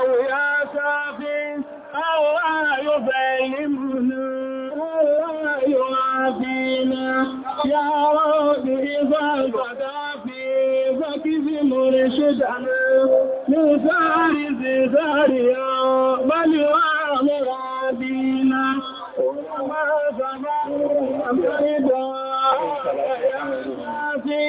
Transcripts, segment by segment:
أو يا سافي أو لا يبلمنا أو لا يعافينا يا رب إذا القذافي فكف مرشدنا من فارس زاريا بل وامرابينا وما فنعنا يا سافي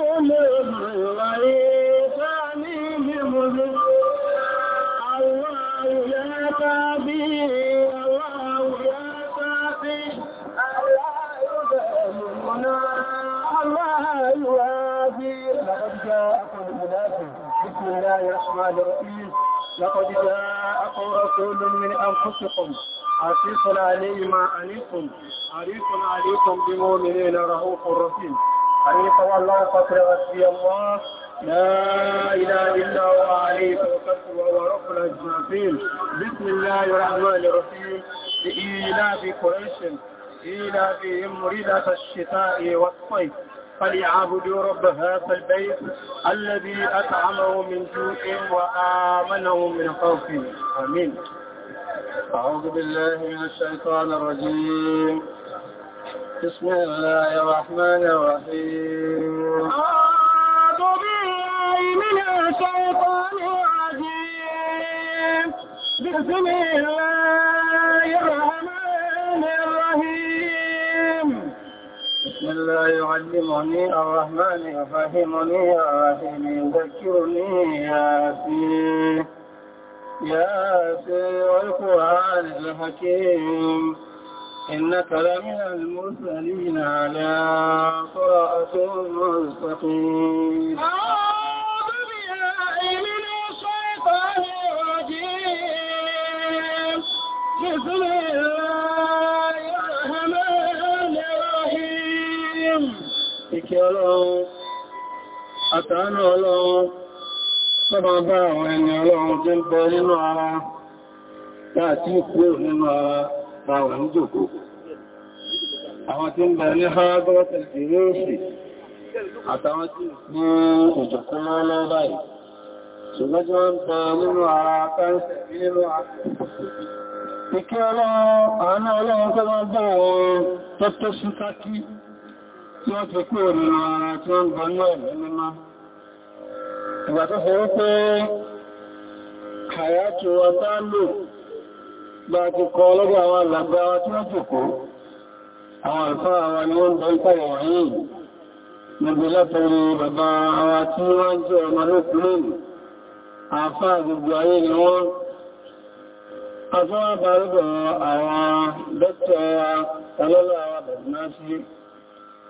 الله الرحمن الرحيم لقد جاءكم رسول من أنفسكم عسيس عليه ما عليكم عريف عليكم بمؤمنين رؤوف رحيم حريص والله فقر غسبي الله لا إله إلا هو عليه توكل وهو رب بسم الله الرحمن الرحيم لإيلاف قريش إيلافهم ريدة الشتاء والصيف فليعبدوا رب هذا البيت الذي أطعمه من جوع وآمنه من خوف آمين أعوذ بالله من الشيطان الرجيم بسم الله الرحمن الرحيم أعوذ بالله من الشيطان الرجيم بسم الله بسم الله يعلمني الرحمن يفهمني يا رحيم يذكرني يا سي يا سي والقرآن الحكيم إنك لمن المرسلين على قراءة مستقيم أعوذ it? من الشيطان الرجيم ìkẹ́ ọlọ́run àtàánà ọlọ́run sọ́bà bá àwọn ẹni ọlọ́run tí ń bẹ nínú ara láti kú nínú ara láwọn ń jòkó àwọn tí ń bẹ ní hágọ́tẹ̀ ìrẹ́sì àtàwọn tí ní ìjọkú mọ́lá báyìí ṣùgbọ́n tí wọ́n ń bẹ nínú ara káńsẹ̀ nínú tí ó ti kú òrìrò ara tí ó ń bọ̀ ní mímá. Ìgbà tó pé wípé àyàtò wa tá lò bá ti kọ lọ́gbà àwọn àlàgbà onye tí wọ́n jùkú, àwọn àlùfáà àwa ni wọ́n bọ̀ ń pàyà látọrí bàbá tí wọ́n jẹ́ ọmọ lókùnrin, gbogbo ayé ni wọ́n. bá àwọn ọlọ́lọ́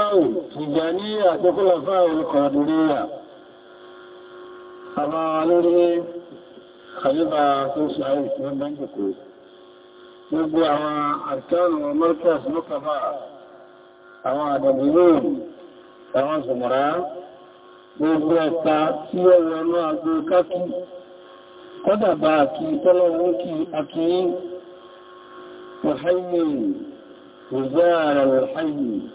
Ìsìláàmù, Tìjàníyà àti Khulafaa al-Qadiriyya. Àmà lórí Khalifa tó ṣàrí ìsìnà Bẹ́ńkìkò. Gbogbo àwọn àtàrù Mọ́kàs Mọ́kàfà, àwọn àdàbìlú, àwọn Zùmọ̀rá, gbogbo ẹ̀ta tí ó wọnú agbó kákí, kọ́dàbà kí tọ́lọ́wọ́ kí akìí, Mùhàyìn, Wùzára Mùhàyìn,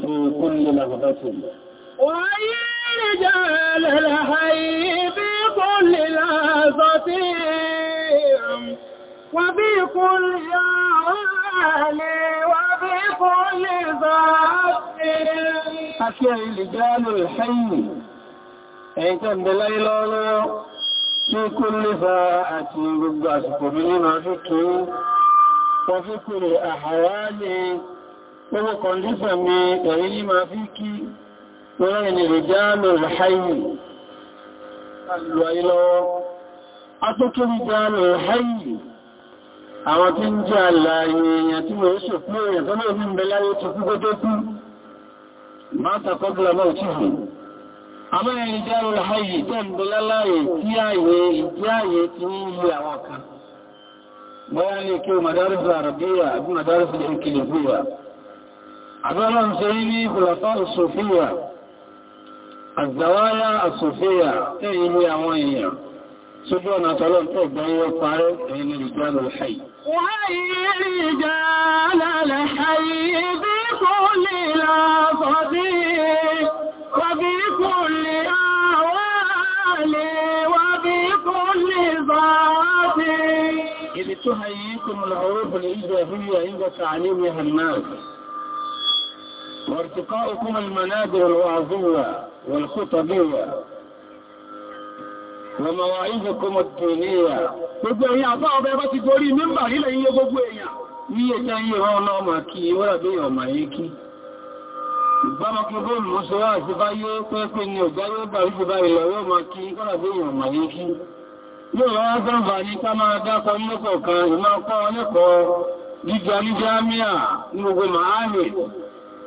من كل لغبة وعي رجال الحي بكل لحظة وفي كل آل وفي كل ذات حكي رجال الحي أي كان بليلولو في كل ساعة قد أسكبين عشقي وفي كل أحوالي gbogbo kọndíṣàn ni ẹ̀rí ní máa fi kí lọ́rọ̀ ni rìjálù rẹ̀háyì lọ ilọ́wọ́ atókèrí jálù rẹ̀háyì àwọn tí ń jẹ́ àlàyé èèyàn tí wọ́n ṣòkú èèyàn tó lè ní ìbẹ̀láyé tó kú gbogbo kú máa tàkọ́bùlà tí ń yí àwọn bọ́yá ní kí o madarasa àràbíyà àbí madarasa ìkìlìfíyà سيدي في خلفاء الصوفية الزوايا الصوفية تهيب إيه يا موينيا سجونا طلب تبعي وطارق هين رجال الحي وهي رجال الحي بكل لفظ وبكل أوال وبكل ذات إذ تهيئكم العروف الإجابية عند تعليمها الناس وارتقاؤكم المنابر الوعظية والخطبية ومواعظكم الدينية gbogbo ẹ̀yin àbá ọba ẹbá ti gorí gbogbo èèyàn ní ẹjẹ́ yìí rán ọ̀nà ọmọ kí wọ́n àbí ọmọ yìí kí ìgbámakí bóòlù mú sọ láti bá yé yóò bá rí ní ká máa ọlẹ́kọ̀ọ́ gíga ní jámíà ní gbogbo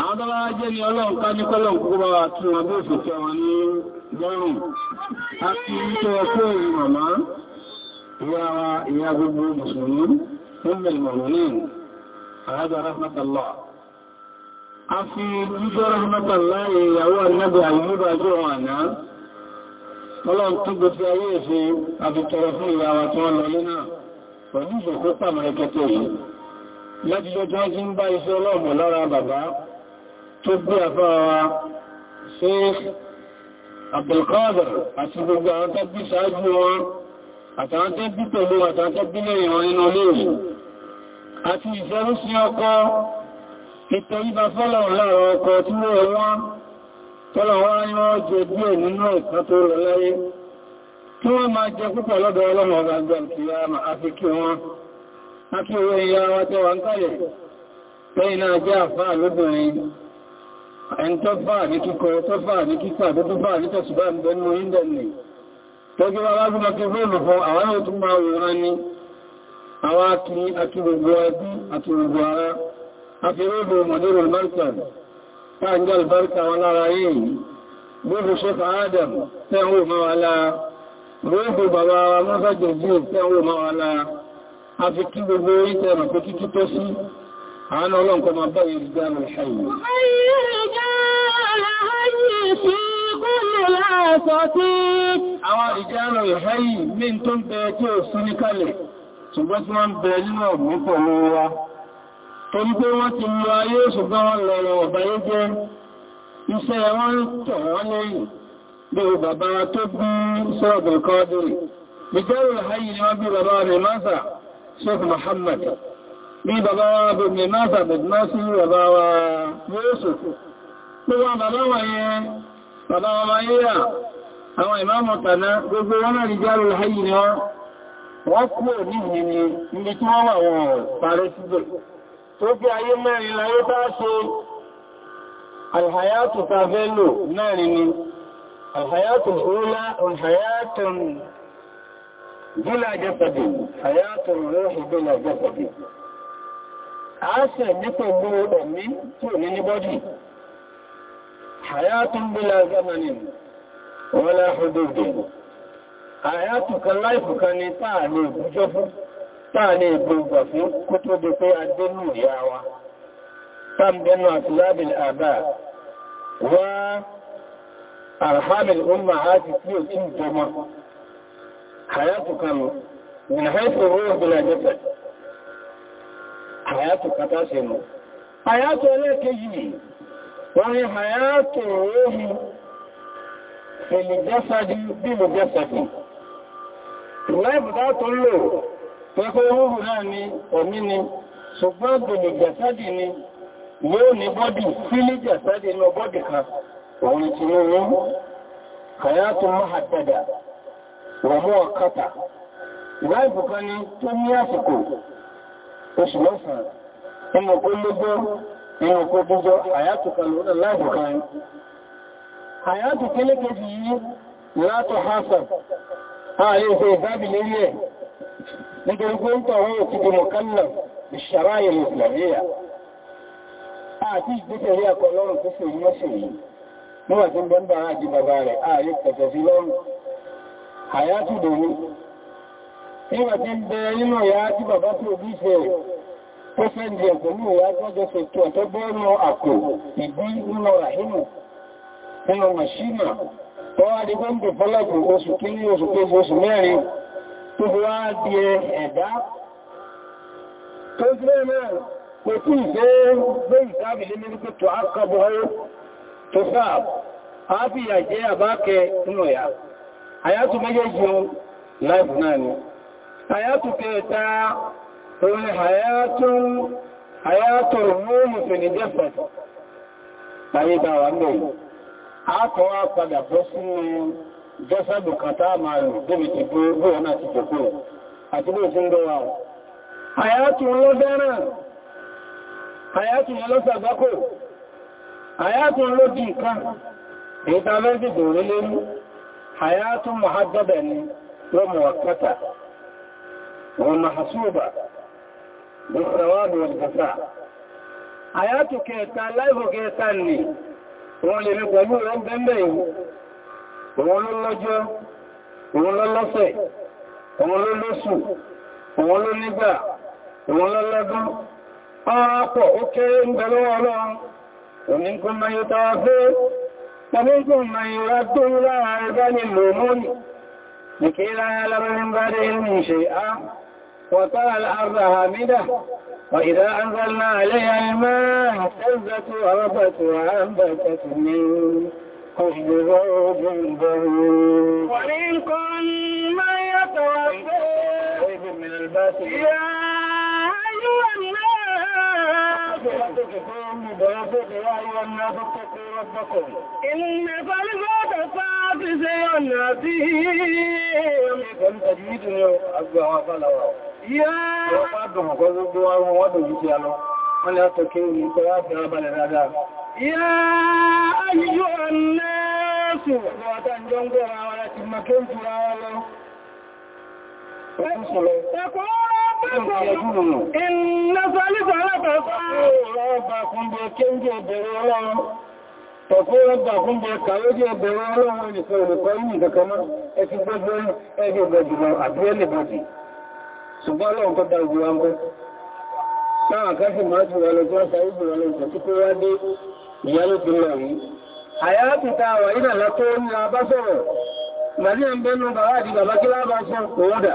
àwọn tó bá jẹ́ ní ọlọ́run ká ní kọ́lọ̀ kó bá wà wọn ní gbọ́rùn a ti ń ọkọ́ ìrìn màmá ìyá wa ìyá gbogbo mùsùlùmí a ọlọ́run tó gbogbo ayé ìfẹ́ fún ìyá wa tó lọ lé náà pẹ̀lú yìí jí ń bá iṣẹ́ tó gbé àfáwà Sheikh Abdul Qadir àti gbogbo àwọn tó bí ṣáájú wọn àtàwọn tó bí pẹ̀lú àtàwọn tó bí lẹ́yìn wọn nínú olóòrì àti ìfẹ́rú sí ọkọ ìtẹríba fọ́lọ̀ láàrọ̀ ọkọ tí ó rẹ̀ wọ́n tọ́lọ̀ wọ́n ní wọ́n jẹ díẹ̀ nínú ẹ̀kan tó rẹ̀ láyé kí wọ́n máa jẹ púpọ̀ lọ́dọ̀ ọlọ́mọ ọgbàgbà kí a máa fi kí wọ́n á kí owó ìyá wa tẹ́wà ń kálẹ̀ lẹ́yìn náà jẹ́ àfáà lóbìnrin ẹni tó bá ní kíkọ tó bá ní kíkà tó tó bá ní tẹ̀sùbá ìgbẹ̀nu ìdẹ̀nì tọ́jú wá wájú lọ kíkọ́ fún àwọn yóò tún máa wòrán ní àwọn akiri àti gbogbo ẹbí àti gbogbo ara àti rògbò mọ̀lẹ́rò mẹ́rìkàn káàkiri albarka wọn lára yìí gbogbo ṣẹ́fà adam tẹ́wọ́ máa lára gbogbo bàbá wa mọ́sájẹ̀ jù tẹ́wọ́ máa lára àfi kí gbogbo ìtẹ̀rọ̀ pé kíkí tó sí àwọn ọlọ́run kọ́ máa báyìí rí dáàmù ṣáyìí. Àwọn ìjánu ìháyì mí tó ń A tí ó ṣùgbọ́n tí wọ́n nínú wa. Tó ń pé wọ́n ti lọ ayé ṣùgbọ́n wọ́n lọ ọ̀báyé jẹ́ iṣẹ́ wọ́n tọ̀ wọ́n lẹ́yìn bí o bàbá tó bí sọ́ọ̀bẹ̀ kọ́dùn. bí bàbá wa bèbè máa sàbẹ̀dì máa sí bàbá wa yóòsù gbogbo bàbá wa yẹn bàbá wa máa yíyà àwọn ìmáàmù tàná gbogbo wọn náà rí járó láyé ni wọ́n kú ní ìhìnì ibi tí wọ́n wà wọ́n parẹ́ síbẹ̀ tó bí ayé mẹ́rin láyé bá ṣe alhayatu ta fẹ́ ni alhayatu hula alhayatu bila jasadi hayatu ruhi bila jasadi àásẹ̀ ní pẹ̀lú ẹ̀mí tí ò ní ní bọ́dì hayatun bila zamanin wala hududin hayatu kan láìfù kan ní táà ní ìbújọ́ fún táà ní ìgbògbà fún kó tó di pé adénú ìyá wa táàbẹ̀nù àti lábìl àbá wá umma hati tí ò tí haifu àyàtò kàtà ṣe mọ̀. àyàtò ẹlẹ́kejì wọ́n ni àyàtò ohun ìlúgbẹ́sàdì bí ìlúgbẹ́sàdì láìbùdá tó lò pẹ́kọ́ orúhù náà ni ọ̀mí ni ṣùgbọ́n gbẹ̀lẹ̀gbẹ̀sàdì ni yóò ní bọ́dì ní ọbọ́dì kan ti wọ́n oṣù mẹ́sàn nínú kó lógún nínú kó dújọ àyàtù kalùnà láìbùkan àyàtù kélékejì yìí látọ̀ hasan ààrẹ ìfẹ́ ìbábi lérí ẹ̀ nítorí pé ń tọ̀wọ́ òkúkú mọ̀kánlá ìṣàrá ìlú ìsìlàmíyà àti ìgbésẹ̀ rí akọ lọ́rùn tó sì rí mọ́sùn yìí níwà tí ń bẹ́ ń bá nígbà tí ń bẹ nínú ìyá tí bàbá tí òbí ṣe tó fẹ́ di ẹ̀gbẹ̀lú ìyá tí ọjọ́ tó ẹ̀tọ́ bọ́ọ̀nù àpò ìbí nínú ràhínù nínú màṣínà tó wá di gbọ́ǹdì fọ́lọ́pù oṣù kìíní oṣù oṣù mẹ́rin tó fi tó hayatu kẹta òun hayatu hayatu rúrùn fìní jẹ́fẹ̀ ayé bá wà padà bọ́ sínú bukata kàtà màrùn débi ti ti jòkó àti bó sí ń dọ́wà hayatu lọ́dẹ́rẹ̀ hayatu lọ́sàgbákò hayatu lọ́dì ni ومحسوبة بالثواب والجزاء àyàtù kẹta láìfò kẹta nì wọ́n lè rí pẹ̀lú rẹ̀ ń bẹ́m̀bẹ̀ ìwò òun ló lọ́jọ́ òun ló lọ́sẹ̀ òun ló lóṣù òun ló nígbà òun ló lọ́dún ọ̀rọ̀ pọ̀ ó kéré ń bẹ̀rẹ̀ ọlọ́run òní kó mayó tàwà fẹ́ tàbí kó mayó rá tó láàárín bá ní وترى الأرض هامدة وإذا أنزلنا عليها الماء اهتزت وربت وأنبتت من كل زوج بهيج ومنكم من يتوفى من الباس يا أيها الناس Wọ́n lè àtọ̀kẹ́ ìgbọ́ àti àbàlẹ̀ dáadáa. Yá ayíjú ọ̀nà ẹ̀sùn lọ́wọ́ tàbí ọgbọ́ ara ti mọ̀ tó ń fura lọ. Ẹkùn sọ̀rọ̀. Ẹkùn rẹ̀! Iná sọ́lítà alákọ̀ọ́kọ́. Ọ̀rọ̀ ọgbà kéńjẹ́ ìbẹ̀rẹ̀ ọlọ́run. Tọ̀fún ọgbà fún bẹ kàwé jẹ́ ìbẹ̀rẹ̀ ọlọ́run nìkan olùkọ́ yìí nìkan mọ́. Ẹ ti gbogbo ẹgbẹ̀ ìgbẹ̀jùmọ̀ àbúrẹ́lẹ̀ bọ̀dì. Ṣùgbọ́n ọlọ́run kọ́ da ìgbẹ̀ wa ń gbọ́. Táwọn akẹ́sì máa jù wà lọ́jọ́ ṣàrí jù wà lọ́jọ́ tí kó wá dé ìyá ló ti lọ Àyá ti ta àwà ìdàlá tó ń la bá sọ̀rọ̀. bàbá àti bàbá kí lábá òwúdà.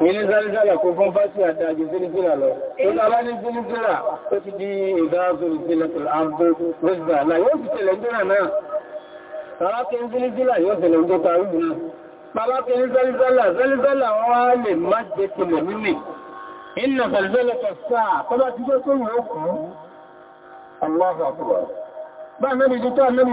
Ilé Zálízálà kò fún Fásí àdájú Fílífílà lọ. Ilé alá ní Fílífílà ó ti di ìdáàzò ìfìlẹ̀kùn àbò Rẹ́sìdà náà yóò fi tẹ̀lẹ̀ jọ́nà náà. Tàbákẹ́ ní Fílífílà yóò tẹ̀lẹ̀ jọ́ tàrúbù náà. Tàbákẹ́ ní Zálízálà, Zálízálà wọ́n á lè má jẹ́ tẹ̀lẹ̀ mímì. Iná Zálízálà kọ̀ sáà, tọ́lá ti jẹ́ tó yóò kú. Allah bá nẹ́bí tó tọ́ nẹ́bí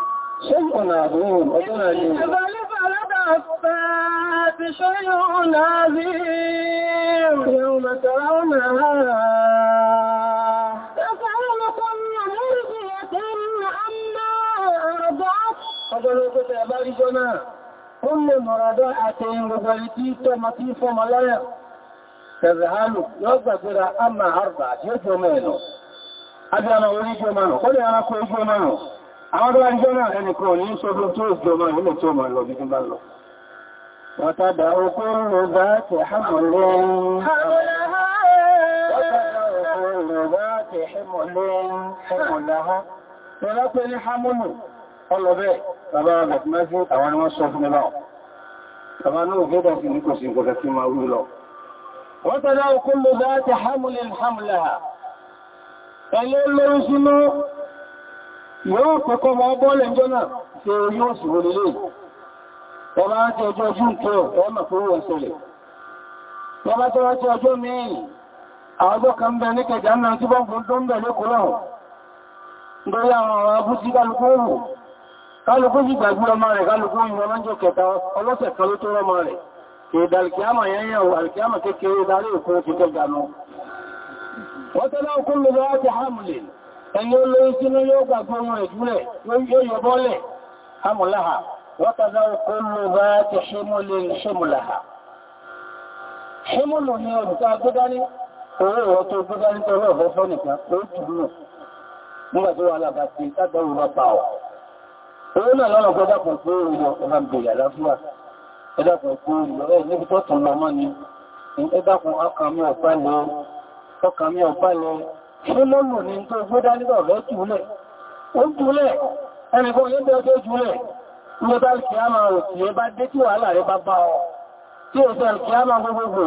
شيء عظيم وطن عليم فلف لدى الصفات شيء عظيم يوم ترونها تفعل كل مرضية عما أرضعت فضلوا كتابة رجنا كل مرضعة وبلتي تمتي فملايا تذهل يوضع أما أربعة يجمعنا أجانا وريجمعنا كل أنا كل يجمعنا àwọn tó wá ń jọ́nà ẹnìkan ò ní ṣogbo tó ìjọba ìlú tó mọ̀ lọ bí i bá lọ wàtàdà òkú rẹ̀ bá ti hàmùlẹ́ Ìrọ́pẹ́ ní Hamunu, ọlọ́bẹ̀, bàbá Mẹ́tìmẹ́sí, àwọn ni wọ́n sọ fún ẹlọ́. Bàbá náà gẹ́gẹ́ sí ní kò sí ìgbẹ̀gẹ́ sí Ìwọ́n pẹ̀kọ́ ma bọ́ọ̀lẹ̀ ìjọ náà ṣe yóò sì wọlé lè. Ọba jẹ́ ọjọ́ ojú ń tọ́ ọmọ fún wọn sọlẹ̀. Bọ́bá tó wá tí ọjọ́ mìí, àwọn ọjọ́ kan bẹ ní kẹjà náà tí bọ́n fún tó ń bẹ̀ lókò ẹni ó lórí sínú yóò gbàgbọ́ wọn ìfúnlẹ̀ yóò yọ bọ́lẹ̀ hamulaha wọ́tàdá kó ló bá ti ṣímúlé ṣímúlaha ṣímúlù ni ọdúnká gbọ́dání owó ìwọ́ tó gbọ́dání tó rọ̀ fọ́ nìkan ó túnú nígbàtí wà lábàtí tágbàrù bá bá ọ̀ owó náà lọ́nà gbọ́dá kan pé ìlọ ọba ń bèèrè àlàáfíà ẹ̀dá ṣe lọ́nà ní tó gbọ́dá nígbà lọ́túnlẹ̀ ó gúnlẹ̀ ẹnìkan yóò bẹ́ ọjọ́ jùlẹ̀ ní bá kí á máa rò tí ẹ bá dé tí wàhálà rẹ bá bá ọ tí ó fẹ́ kí á máa gbogbogbò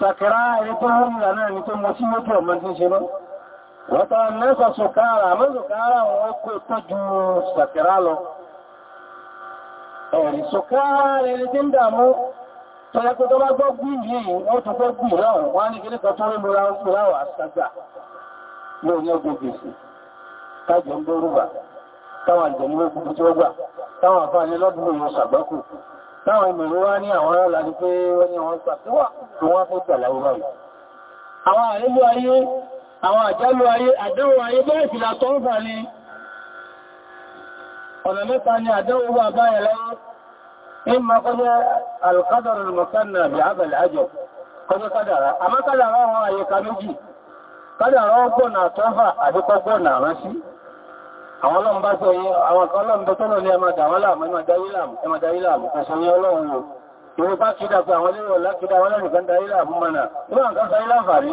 Sakara ẹni tó hùn ìlànà ẹni tó mọ́ sí mọ́tò ọmọ tí ń ṣe lọ́wọ́ wata nẹ́sà sọ̀kára mẹ́sọ̀kára wọn kó tọ́jú sàkẹ́rá lọ ẹ̀rì sọ̀kára rẹ̀ tí ń dàmú tó yẹ tó bá gbọ́gbì yìí wọ́n tó gbọ́gbì náà wọ́n ní kí ní kan tó rí múra ń múra wà sàgbà ní oní ọgbọ̀ gbèsè kájọ ń gbọ́rúbà táwọn ìjẹ̀mú ogun tí ó gbà táwọn àfáàní lọ́dún ìwọ̀n sàgbákù táwọn ìmọ̀rún wá ní àwọn ọlá ní pé àwọn àjálù ayé àdánwò ayé bẹ́ẹ̀ fìlà tó ń fà ní ọ̀nà mẹ́ta ni àdánwò wà báyẹ̀ lọ́wọ́ in ma kọjẹ́ alkadar al-musanna bí abal ajọ kọjẹ́ kádàrá àmọ́ kádàrá wọn ayé àwọn ọlọ́run bá sọ yẹn àwọn kan ọlọ́run tó mọ́nà nígbà nǹkan sáyé láǹfààní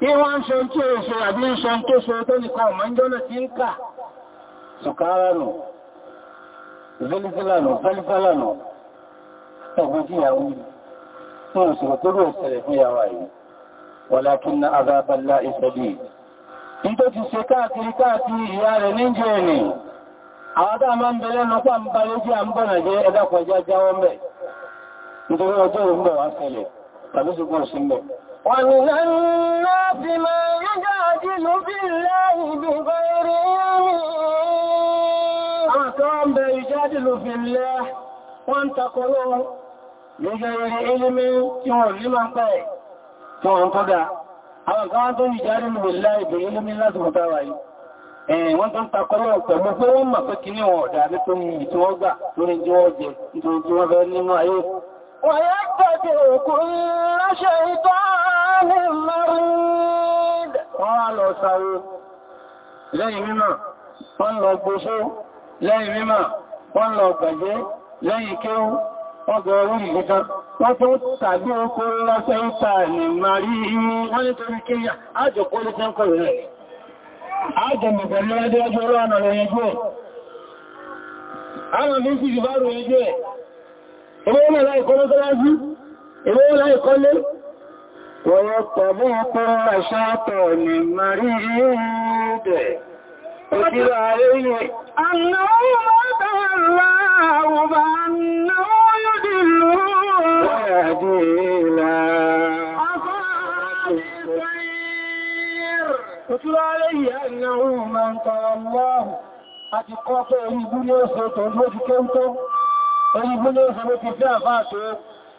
bí wọ́n ń ṣe tí ó ṣe àbí ń ṣe tó ṣe tó nìkan ọmọ ìjọ́nà tí ń kà ṣùkára nù zẹ́lìzẹ́lànà fẹ́lìfẹ́lànà ọgbọ́n tí yà wí tí ó ṣe tó rò ṣẹlẹ̀ fún yàwà yìí walakin na azaballa ìṣẹ́lì ní ṣe káàkiri káàkiri ìyá rẹ̀ ní jẹ́ ẹni àwọn tá ومن الناس ما يجادل في الله بغير علم أعطان بيجادل في الله wọ́n takọ̀lọ́ lójẹ́rẹ̀ ilimi tí wọ́n rí máa pẹ́ tí wọ́n tó dá. Àwọn kan tó ní járí lè láì bè ilimi láti mọ̀ta wáyé. Ẹ̀yìn wọ́n tó ń pẹ̀lú pé wọ́n mọ̀ pé kí ní ọ̀dá المريض قالوا wọ́n lọ gbóṣó lẹ́yìn mímọ̀ wọ́n lọ gbẹ̀gbẹ́ lẹ́yìn kéhù wọ́n orí ìgbẹ́ta wọ́n tó tàbí oko lọ́sẹ̀ ìta ní marí wọ́n nítorí kíyà ájò kó lé rẹ̀ ويطبع كل شيطان مريد قتل عليه أنه مدى الله بأنه يدله ويهدينا قتل عليه أنه من تولاه أتقاطع إبني أسرة المجكنة إبني أسرة في فاتح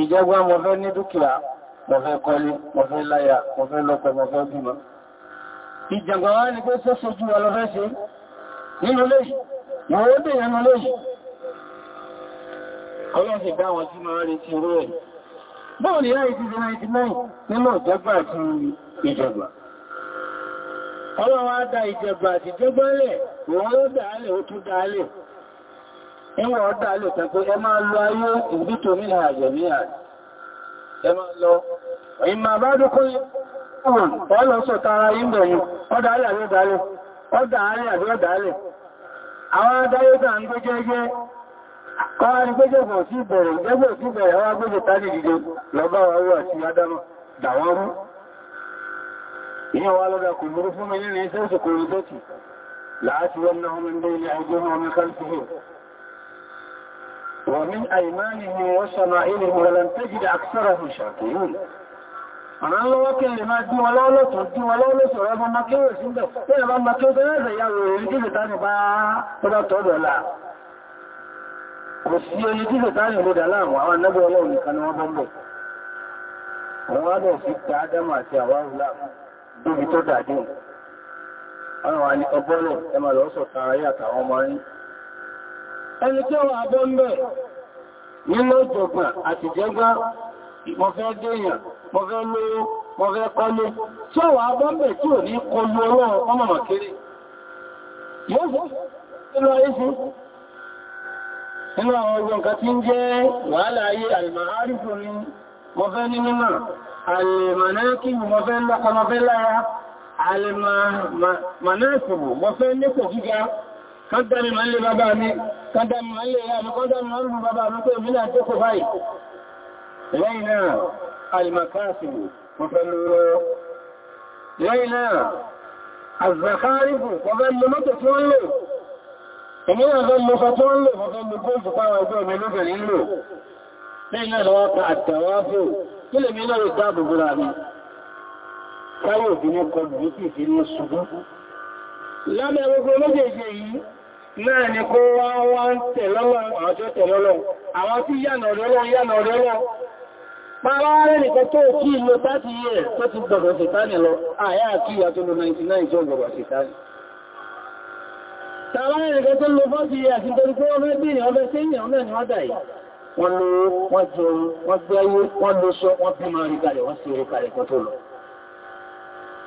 ìjọba mo fẹ́ ní dúkìá mo fẹ́ kọ́lé mo fẹ́ láyà mo fẹ́ lọ́kọ mo fẹ́ bímọ ìjọba wá ní pé tó sojú wa lọ fẹ́ ṣe nínú léyìí ìwọ́n ó dè nínú léyìí ọlọ́run ti dá wọn tí ni láì ti ṣe á dá ìjọba àti ìjọba lẹ̀ ìwọ́n ó dà ó tún dá níwọ̀n ọ̀dá lè tẹ́ pé ẹ máa lọ ayé ìdítò nílẹ̀ àjẹ̀mí àrí ẹ máa lọ ìmọ̀ àbádókó ọlọ́sọ̀ tara ìgbẹ̀yìn ọdá ọdá alẹ́ àbí ọdá alẹ́ àwọn wa kò fún mi nínú iṣẹ́ láti wọ́n náà ilé ومن أيمانهم وشمائلهم ولن تجد أكثرهم شاكرين Àrá ń lọ́wọ́ kí lè máa dí wọn lọ́lọ́tọ̀ dí wọn lọ́lọ́sọ̀ rẹ̀ bọ́ makéwò sí ẹ̀ tẹ́ ẹ̀bá makéwò tẹ́ ẹ̀rẹ̀ ìyàwó èrí tí ìfẹ̀ta ní bá tọ́dá tọ́dọ̀ là. Kò sí orí tí ìfẹ̀ta ní ìlú dàláàmù àwọn anẹ́bẹ̀ ọlọ́run nìkan ni wọ́n bọ́ ń bọ̀. Wọ́n wá bọ̀ sí ta Ádámù àti àwárù láàmù débi tó dàdé. Àwọn àníkọ bọ́lọ̀ ẹ máa lọ́sọ̀ tààrà yàtàwọn ọmọ yìí ẹni tí wọ́n abẹ́m̀bẹ̀ nínú ìjọba àti jẹgbá mọ̀fẹ́ dèèyàn mọ̀fẹ́ lówó mọ̀fẹ́ kọ́lé tí wọ́n abẹ́m̀bẹ̀ tí ò ní kọlu ọlọ́run ọmọ màkiri Nínú àwọn ọgbọ̀n kan tí ń jẹ́ wàhálà ayé àìmàárìfò ni mọ̀fẹ́ ní mímọ̀, àìmànáàkì mọ̀fẹ́ lọ́kọ̀ mọ̀fẹ́ lára, gíga, kọ́dámi máa ń lè bàbá mi kọ́dámi máa ń lè yá mi kọ́dámi máa ń lè bàbá mi pé mi náà tó kò báyìí lẹ́yìn náà alìmọ̀káàsìbò wọ́n fẹ́ lóró lẹ́yìn náà àzàkárìbò wọ́n fẹ́ lọ mọ́tò tí wọ́n lò èmi náà fẹ́ lọ fẹ́ tó lẹ́yìn náà lọ́wọ́ gbogbo méjèèjì yìí náà ni kó wá wá ń tẹ̀lọ́lọ́run àjọ tẹ̀lọ́lọ́run àwọn tí yànà ọ̀rẹ́lọ́run yànà ọ̀rẹ́lọ́run pàwọ́ rẹ̀ nìkan tó kí ìlò tàbí yẹ tó ti gbọ̀gbọ̀ sẹ̀tánì lọ àyà àti ìyàtọ̀ lọ 99 jọ gbọ̀gbọ̀ sẹ̀tánì tàbí nìkan tó lọ bọ́ sí àti torí pé wọ́n fẹ́ bí ní ọbẹ̀ sí ìyàn náà ni wọ́n dà yìí wọ́n lo wọ́n jẹun wọ́n gbẹ́yé wọ́n lo sọ wọ́n bí máa rí kalẹ̀ wọ́n sí orí kalẹ̀ kan tó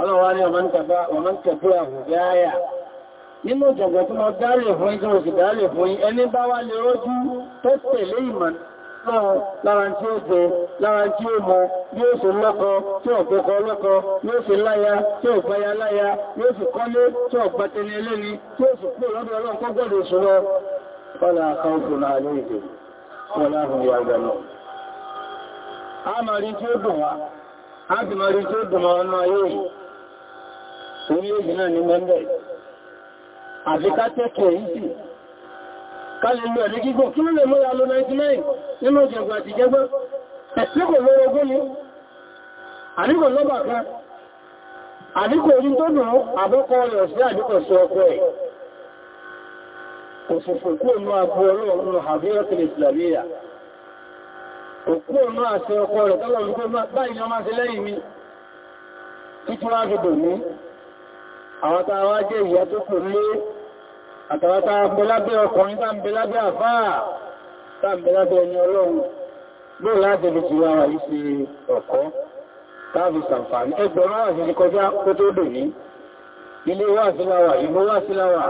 ọlọ́wà ní ọmọ kẹfẹ́ àwùjáyà nínú ìjọ̀gbọ̀n tó lọ dálè fún ìjọ òsì dálè fún ẹni bá wá lè rójú tó tẹ̀lé ìmọ̀ náà lára tí ó jẹ lára tí ó mọ bí ó sì lọ́kọ tí ó gbọ́kọ lọ́kọ bí ó sì láya tí ó gbáya láya bí ó sì kọ́lé tí ó gbàtẹni eléni orílẹ̀-èdè náà ní mẹ́mẹ́ àbíká tẹ́kẹ̀ẹ́ ìsì kálẹ̀lú ẹ̀lẹ́ gígbò kí ló lè mọ́ ya lọ 99 nínú ìjẹ̀gbà àti jẹgbẹ́ ẹ̀sìnkò lọ́rọ̀ ogún ni àdíkò lọ́bà kan àdíkò orí tó dùn àbọ́kọ rẹ̀ sí àdíkò sí ọkọ ẹ̀ òfòfò kú ònú àbú ọlọ́run àbúrẹ́kìlẹ̀ ìsìlàbíyà òkú ònú àti ọkọ rẹ̀ tọ́lọ̀ àwọn tàà wá jẹ́ ìyà tó kò lé àtàwátà pẹ́lábẹ́ ọkùnrin tàbí lábẹ́ àfáà tàbí lábẹ́ ẹni ọlọ́run ló láti lè ti wá wà yí sí ọ̀kọ́ tàbí sàǹfààní ẹgbẹ̀rún wà sí kọjá kó tó dò ní ilé wà sí láwà ìbò wà sí láwà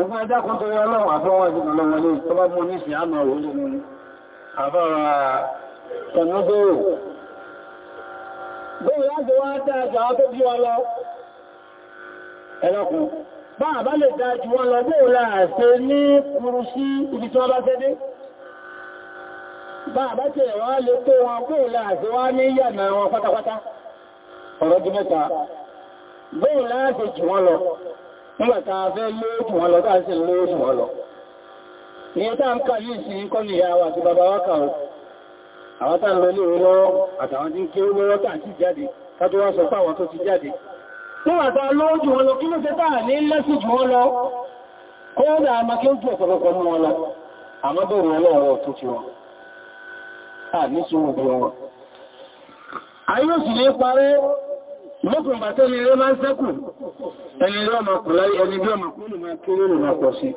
ọgbọ́n ẹjákùn tó yọ́lọ́run àfọwọ́ sí ọlọ́wọ́lé tó bá mú ní ìsìn ẹlọ́kùn bá àbá lè dá jù wọn lọ bóò láàṣẹ ní kúrú sí ibi tí wọ́n bá tẹ́dé bá àbá tẹ́ wọ́n lè tó wọn bóò láàṣẹ wá ní yànà wọn pátápátá ọ̀rọ̀ jù mẹ́ta bóò láàṣẹ jù wọn lọ nígbàtà fẹ́ lóòjù wọn lọ táà sí lóòjù wọn lọ ní ẹta ń kà yìí sí kọ́ ní ìyá wa àti bàbá wa kà ó àwọn tá ń lọ ilé ìwé lọ́wọ́ àtàwọn tí ń kí ó jáde ká sọ pàwọn tó ti jáde níwàtà lóòjù wọn lọ kí ló tẹ́ta ní lẹ́sì jù wọn lọ kó dà àmà kí ó jù ọ̀pọ̀lọpọ̀ mú wọn lọ àmọ́ bẹ̀rẹ̀ ọlọ́rọ̀ tó ti wọn à ní sùúrù bí wọn ayúsì ní parẹ́ mọ́kùn bàtẹ́ ni rẹ̀ máa ń sẹ́kù ẹni rẹ̀ ọmọ kù láyé ẹni bí ọmọ kúrò máa kéré rẹ̀ máa pọ̀ sí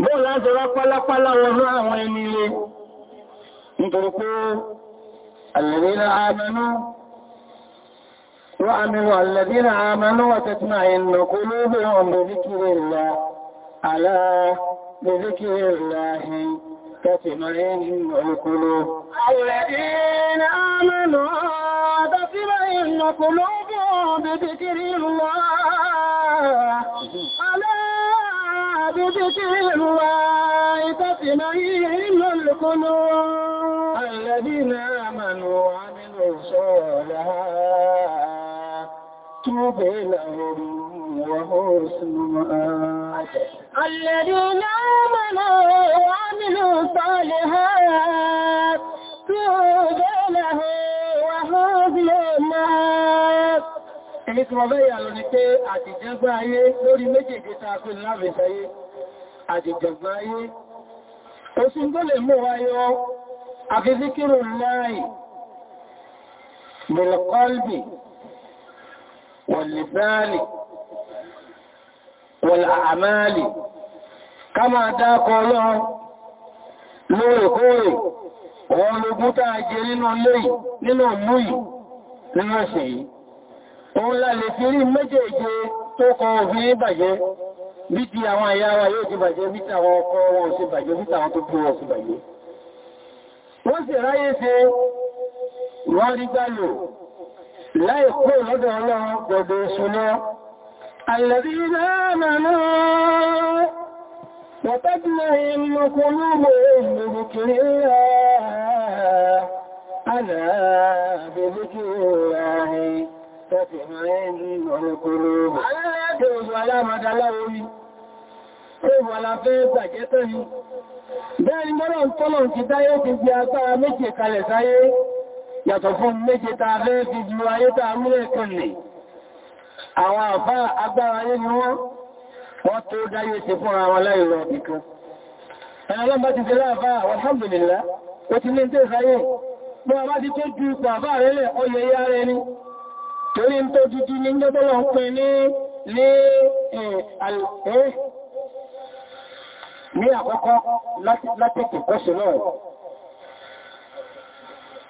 bọ́ọ̀ láti rá pálápálá wọn àwọn ẹni rẹ̀ nítorí pé وعملوا الذين آمنوا وتطمئن قلوبهم بذكر الله ألا بذكر الله تطمئن القلوب الذين آمنوا تطمئن قلوبهم بذكر الله ألا بذكر الله تطمئن القلوب الذين آمنوا وعملوا صالحات طوب لهم وحسن مآب الذين آمنوا وعملوا الصالحات طوب لهم وحسن مآب Èyí tí wọ́n bẹ́ yà lọ ni pé àtìjẹgbà ayé lórí méjèèjì tààkù láàrẹ̀sáyé, àtìjẹgbà ayé. Oṣùn tó lè mú wáyọ́, àfífíkírò láì, bọ̀lọ̀kọ́lbì, wọ̀lìbáàlì wọ̀làmàálì ká máa dákọ ọlọ́run lóòrèkóòrè wọn lógún táa jẹ nínú léyìí nínú mú yìí nínú ọ̀sẹ̀ yìí òun lálẹ̀ fi rí méjèèjì tó kọ òfin ìbàjẹ́ bí ti àwọn àyà wa yóò ti bàjẹ́ bí tàwọn ọkọ wọn sí bàjẹ́ bí tàwọn tó kú wọn sí bàjẹ́ wọ́n sì ráyé ṣe wọ́n rí gbálò láì kó lọ́dọ̀ ọlọ́run pẹ̀lú ìṣúná. Àlẹ̀dínà mẹ́nà wọ̀tẹ́gbẹ̀ ìlúkúlúgbò ìlúkìrí Bẹ́ẹ̀ni mọ́rọ̀ ń tọ́lọ̀ ti dáyé ti di agbára méje kalẹ̀ sáyé, yàtọ̀ fún méje ta fẹ́ fi ju ayé ta múlẹ̀ kọlẹ̀ àwọn àfá agbára ayé ni wọ́n wọ́n tó dáyé ti fún àwọn aláìrọ̀ ìkan ẹ̀nàlọ́ bá ti fẹ́ láàfá alhamdulillah ó ti ní tẹ́ sáyé bọ́ bá ti tó ju ipò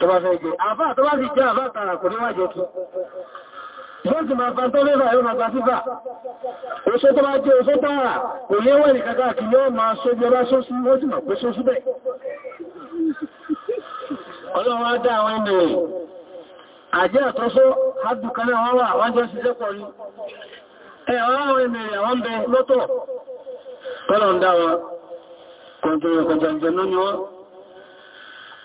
tó bá fẹ́ gbé àfá tó bá fi jẹ́ àfá tààrà kò níwájọ́ kí wọ́n ti máa fa tó lẹ́fà yóò máa gba sífà oṣó tó bá jẹ́ oṣó tààrà kò léwọ́ ìkàkà kì ní ó máa ṣojú ọba sóṣù ó sì máa pé sóṣù bẹ́ ọlọ́run á dá àwọn ènìyàn àjẹ́ àtọ́sọ́ àdùkaná wọ́n wà wọ́n jọ ṣiṣẹ́ pọ̀ ní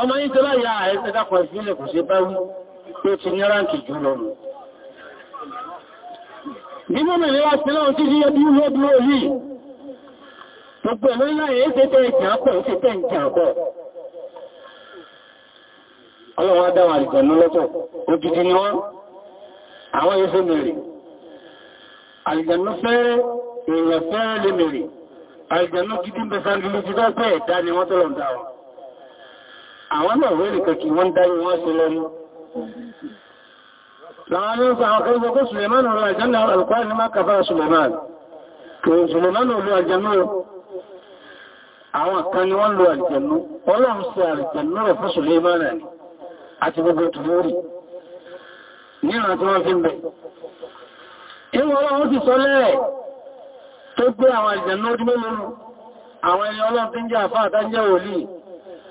ọmọ yìí tó láyà ẹ̀ẹ́sẹ̀dàpọ̀ ìfilẹ̀ kò ṣe bá wí tó ti ní ránkì jù lọ rù. Bí mọ́mọ̀ ni wá sí náà tí fi ẹbí ló dúró yìí, gbogbo ẹ̀lọ́ láyé tẹ́tẹ́ ìjàpọ̀ ìfẹ́tẹ́ ìjàpọ̀. Ọlọ́run adáwà àlìjànú lọ́tọ̀, ògidì ni wọ́n, àwọn lè mẹ́rin. Àlìjànú gidi ń bẹ sáńdúlú ti dá pẹ́ ẹ̀dá ni wọ́n tọ́lọ̀ ń dáwọn àwọn náà wé nìkan kí wọ́n dá wọ́n sí lọ́nà láàárín sọ àwọn akẹ́gbẹ́ kó Suleiman ọ̀rọ̀ àjánà alùkwá ní máa kàfà Suleiman kò Suleiman olú àjánà àwọn kan ni wọ́n lo àjánà ọlọ́run sí àjánà rẹ̀ fún Suleiman àti gbogbo tùmórì ní àwọn tí wọ́n fi ń bẹ̀ ìwọ̀n ọlọ́run ti sọ lẹ́rẹ̀ tó gbé àwọn àjánà ọdún mẹ́lẹ́nu àwọn ẹni ọlọ́run tí ń jẹ́ àfáà tá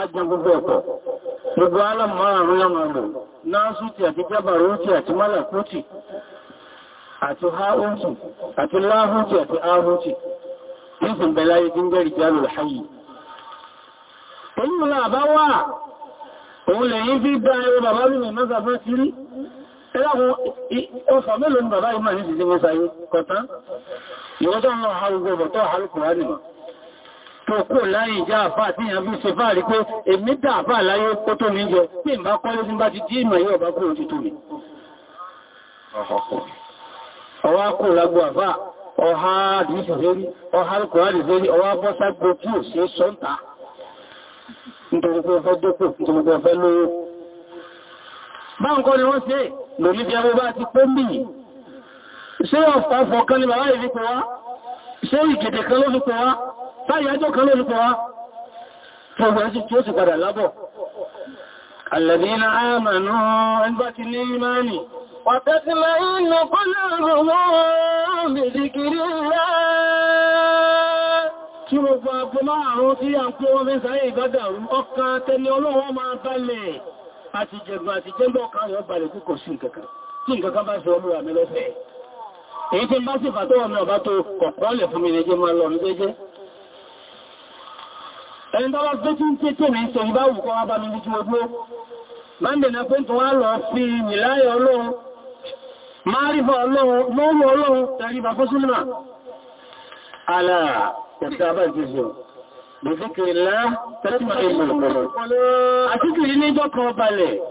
ajẹ́ gbogbo ẹ̀kọ́ gbogbo alam márùn-ún lọ́mọ̀lò náàsùtì àti jábàrútì àti a àti haútì àti òun lè yí fi dá ẹwọ bàbá mímọ̀ mẹ́ta fẹ́ ti rí ẹlọ́run ọfà mélòó ni bàbá ìmọ̀ ní ti ti mẹ́ta yìí kọ̀tán ìwọ́tọ̀ ń lọ ha gbogbo tó kó láyé ìjá àbá àti ìyàbí ṣe bá rí pé èmi dà àbá láyé kó tó mi jẹ pé ìbá kọ́lé tí bá ti dí ìmọ̀ yóò bá kúrò títò mi ọwá kò lágbó àbá ọha àdìsẹ̀fẹ́rí ọha kòrádìsẹ̀rí ọwá bọ́ságbó tí ò sí sọ́ntà nítorí pé ọfẹ́ dókò nítorí pé ọfẹ́ lówó bá ń kọ́ ni wọ́n ṣe lórí bí ẹgbẹ́ bá ti pé ń bì ṣé ọ̀fọ̀ kan ni bàbá ìfikọ̀ wá ṣé ìkẹ̀tẹ̀ kan ló fikọ̀ wá táyà ẹjọ́ kan lórúkọ wá fọ́gbọ́n sí tí ó sì padà lábọ̀ alladhina amanu ẹgbà ti ní ìmáni wàtẹ́sílẹ̀ inú kọ́lá rọ̀wọ́n bí zikiri rẹ̀ kí mo gba agbó márùn-ún tí a ń pè wọ́n mẹ́sà ìgbádàrú ọkàn tẹni ọlọ́wọ́ máa balẹ̀ àti jẹgbà àti jẹgbà ọkàn yọ balẹ̀ kúkọ̀ sí nǹkankan tí nǹkankan bá ṣe ọlọ́wọ́ ẹni tọ́lá gbé tí ń tí tí mi sọ ìbá wù kọ́ wá bá mi bí tí mo gbó mọ́ndé na pé tó wá lọ fi ìláyọ̀ ọlọ́run márífà ọlọ́run lọ́wọ́ ọlọ́run tẹ̀rí bá fún sílùmà alára ẹ̀ta bá jẹ́jọ́ bẹ̀síkìrìlá tẹ́tìmọ̀ ìmọ̀ ìpọ̀lọ̀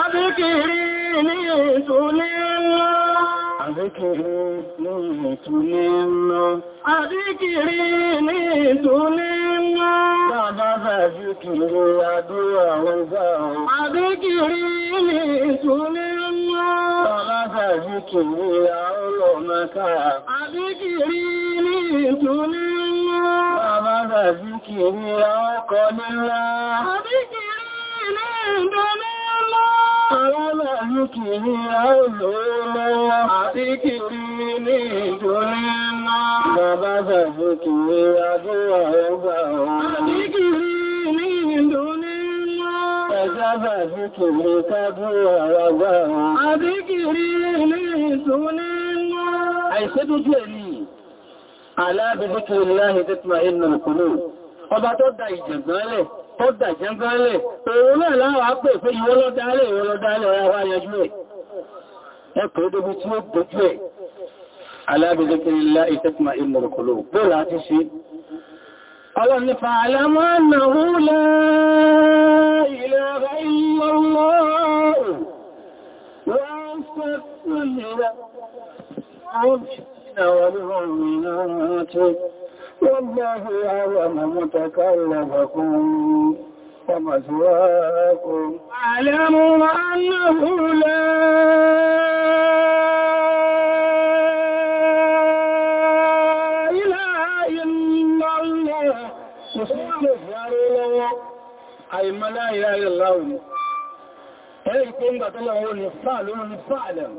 Adékèrè ní ètò ní ẹ̀lá. Adékèrè ní ètò ní ẹ̀lá. Adékèrè ní ètò ní ẹ̀lá. Bàbá bàbí kìrì àdúrà wọn gbà. Adékèrè ní ètò ní ẹ̀lá. Bàbá bàbí kìrì àọ́lọ́mẹ́ká. Adékèrè ní ètò ní ẹ̀lá. Bàbá bàbí kìrì àọ́kọ nílá. Adékèrè ní ètò ní ẹ̀lá. Aláàríkìrí àìlòrò àríkìrí ní ìjòrí ńlá. Bàbá sàfòkìrí àdúrà ọgbà ọ̀rọ̀. Àríkìrí ní ìjòrí ńlá. Ẹ̀sá sàfòkìrí kádúrà ọgbà ọ̀rọ̀. Àríkìrí ní ìjòrí ńlá. Àìṣẹ́dójú ẹ̀rí, àlá tó dàjẹ́gbálẹ̀ òun náà láwà pè pé ìwọ ló dálẹ̀ ìwọ ló dálẹ̀ ọ̀rọ̀ wá yanjú ẹ̀ ẹkùn débi tí ó dojú ẹ̀ alábìdókèrìlá ìtẹ́kùnmà ìmọ̀rọ̀kọ̀lọ́ bóòlá ti ṣe ọlọ́run nípa alámọ́ Thank you. والمؤمنات والله أعلم متكلمكم ومثواكم أعلم أنه لا إله إلا الله أي ما لا إله إلا الله أي كنت تلعون فعلون فعلون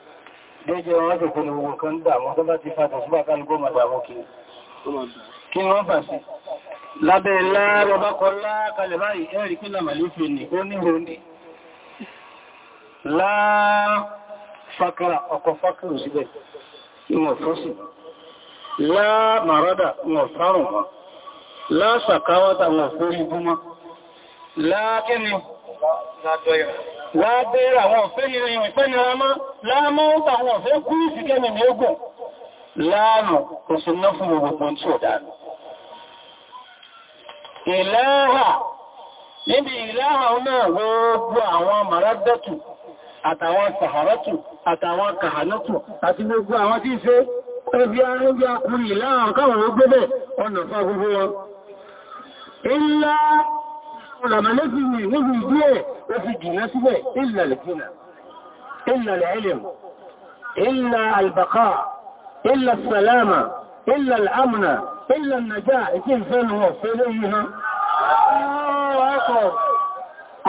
déjẹ́ wọ́n tó kó ní gbogbo kan dàmú tó bá ti fàtà sí bá kálùkó ma dàmú kí kí wọ́n fà sí lábẹ́ láàrọ̀ bá kọ láàkalẹ̀ báyìí ẹ̀rì kí làmàlífẹ́ ní ó ní ho ní láàfàkàrà ọkọ̀ fàkàrù síbẹ̀ ìwọ̀n fọ́sì láàmàrádà ìwọ̀n fárùn wọn láàṣàkáwátà ìwọ̀n fórí gúnmọ́ láàkíní wà bẹ́ẹ̀rẹ̀ àwọn ọ̀fẹ́ ìrìn ìpẹ́ni ramá láàmọ́ àwọn ọ̀fẹ́ kú ìsìnkẹ́mì ní ogun láàmù kò sí ná fún gbogbo tí ó dánù ìlàáhà níbi ìlàáhà náà gbogbo àwọn maradatu àtàwọn saharatu àtàwọn kahanatu àti gbogbo àwọn tí ṣe ẹbí arẹ́bí akùnrin ìlàáhà káwọn ó gbẹ́bẹ̀ ọ̀nà fún gbogbo ìlànà méjì ní níbi díẹ̀ ó fi jìnà síbẹ̀ ìlà lẹ́kìnà ìlà lẹ́ẹ̀lẹ̀ ìlà albaka ìlà salama ìlà al'amna ìlà nàjá ìkí ìfẹ́nu ọ̀fẹ́lẹ́ yìí ha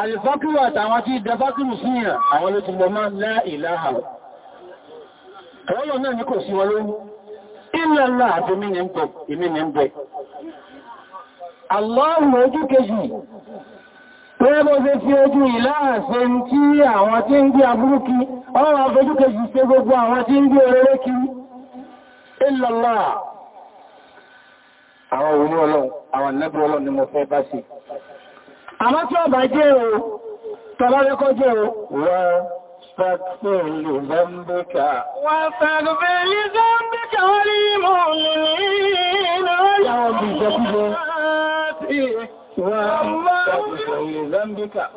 alifakuru àtàwọn tí dafakuru síyàn àwọn ló ti lọ́mọ́ láìláha ọlọ́ náà ní kò sí wọn lóhun ìlànà àti ìmìnì ń bẹ̀ Allahun ojú kejì tó ẹgbọ́ ṣe fi ojú ìláàṣẹ́ tí àwọn tí ń gbé aburú ọwọ́ afẹ́jú kejì ṣe gbogbo àwọn tí ń gbé orere kí. Ìlọ́lá àwọn òní ọlọ́run, àwọn nẹ́bí ọlọ́run ni mo fẹ́ bá ṣe. كبير واستغفر لذنبك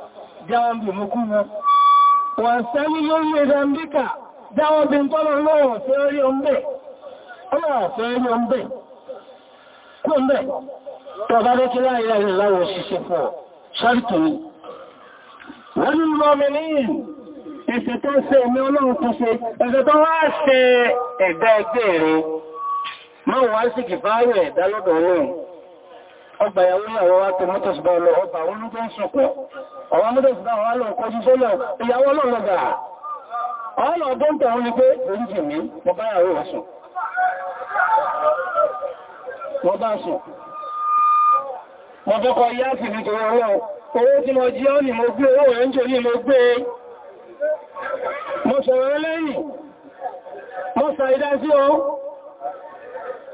جنب مكونا واستغفر لذنبك جنب طلع الله سيري أمبي الله سيري أمبي kún bẹ̀ tó bá bẹ́ kí láìlá ìláwọ̀ ṣiṣẹ́ fọ́ ṣáàtù ní wọ́n ní mọ́mí ní ẹ̀ṣẹ̀ tó ṣe ẹ̀mí ọlọ́run tó ṣe ẹ̀ṣẹ̀ tó wá ṣe ẹ̀dá ẹgbẹ́ rẹ̀ máa wá sí kìfáàrẹ̀ ẹ̀dá lọ́dọ̀ ọlọ́run ọgbà ìyàwó ní àwọn wákò mọ́tọ̀sí bá lọ ọgbà wọn ló ń sọpọ̀ ọwọ́ mọ́tọ̀sí bá wà lọ kọjú sólọ ìyàwó lọ́lọ́gbà ọlọ́ ọdọ́ntọ̀ wọn ni pé oríjì mi mo bá yàwó ọ̀sùn wọ́n bá sùn mo fẹ́kọ̀ yá sí nítorí ọlọ́run owó tí mo jí ọ́ ni mo gbé owó rẹ̀ ń jò ní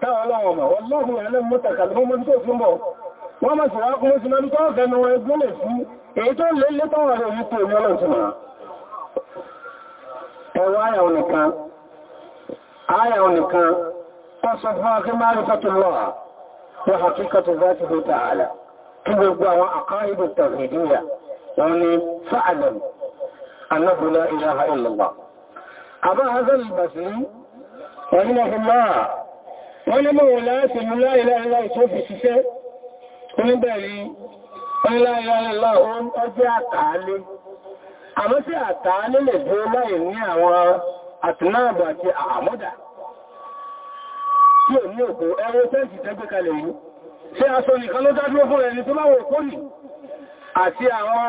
táwọn aláwọ̀ mà wọ́n lọ́gbùn ẹ̀lẹ́ mọ́tàkà ló mọ́ tó fún bọ̀ wọ́n mọ́ sọ̀rọ̀ kún sí mẹ́rin tó gẹnu wọn gúnlẹ̀ sí èyí tó lé lé tọ́wọ̀ rẹ̀ yìí tó ní ọlọ́tún ẹ̀rọ ayà onìkan ayà onìkan tó sọ fún akí máa rí fẹ́tùlọ́ wọ́n ní mọ̀wọ̀ láti mú láìláìlá tó fi ṣiṣẹ́ oníbẹ̀rí láìláìlá ọjọ́ àtàálé àmọ́ sí àtàálé lè dúró láì ní àwọn àtúnáàbọ̀ àti àmúdà tí ò ní òkú ẹwọ́ tẹ́ǹtì tẹ́gbẹ́ kalẹ̀ yìí ṣe aṣọ nìkan ló dádúró fún ẹni tó láwọ̀ òkú nì àti àwọn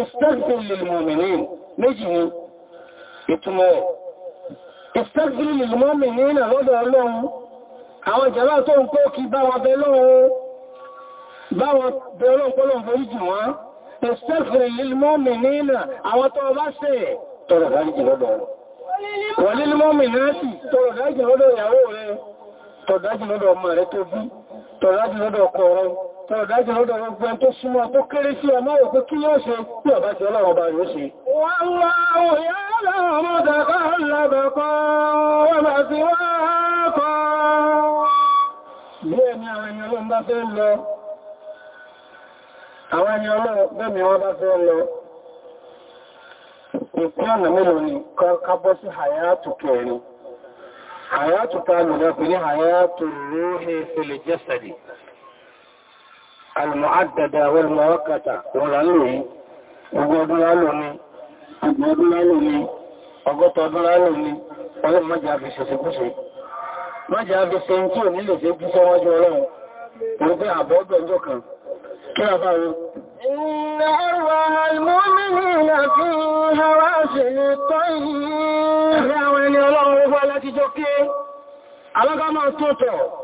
ìstẹ́gbìn lèmọ̀mìnì méjì ni ìtumọ̀ ìstẹ́gbìn lèmọ̀mìnì náà lọ́dọ̀ ọlọ́run àwọn jàlá tó ń kó kí bá wọn bẹ lọ́run bá wọn bẹ ọlọ́run pọ́lọ̀ forí jù wọ́n ìstẹ́gbìn lèmọ̀mìnì náà àwọn tó bá ṣẹ̀ tọrọ dáríjì lọ́dọ̀ wọ́n lèmọ̀mìnì náà sì tọrọ dáríjì lọ́dọ̀ ìyàwó rẹ̀ tọrọ dáríjì lọ́dọ̀ ọmọ rẹ̀ tó bí tọrọ dáríjì lọ́dọ̀ ọkọ rẹ̀ Ọ̀dájọ́ ọdọ̀ ọgbẹ́ tó súnmọ́ tó kéré sí ọmọ òkú kí yóò ṣe tí ọ̀bá ti ọlọ́run ọba yóò ṣe. Wọ́n wá òyà Ìpín ọ̀nà mélòó ni kábọ́ sí àyàtù kẹrin. Àyàtù ta lò lọ́pẹ̀ ní àyàtù rúhẹ́ fil alìmọ̀ádẹ́dẹ́ awẹ́lùmọ̀ ọkàtà wọn lálòrí gbogbo ọdún lálòrí gbogbo ọdún lálòrí ọgọ́ta ọdún lálòrí ọlọ́run mọ́já fi ṣẹ̀ṣẹ̀kúṣe mọ́já fi إن أرواح المؤمنين في هواسل الطيب يا ولي الله كما تطور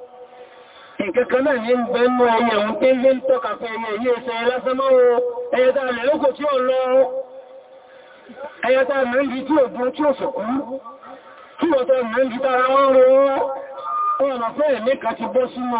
nǹkankan náà ní bẹ mú ẹyẹ ntọkafe na lé ń tọ́ka fún ẹyẹ ẹyẹta rẹ̀ lókò tí ó lọ ẹyẹta rẹ̀ yìí tí ó dún tí ó sọ̀kú tí ó tọ́ rẹ̀ yìí tara wọ́n rọ ọ̀nà fẹ́ ẹ̀mí ti bọ́ sínú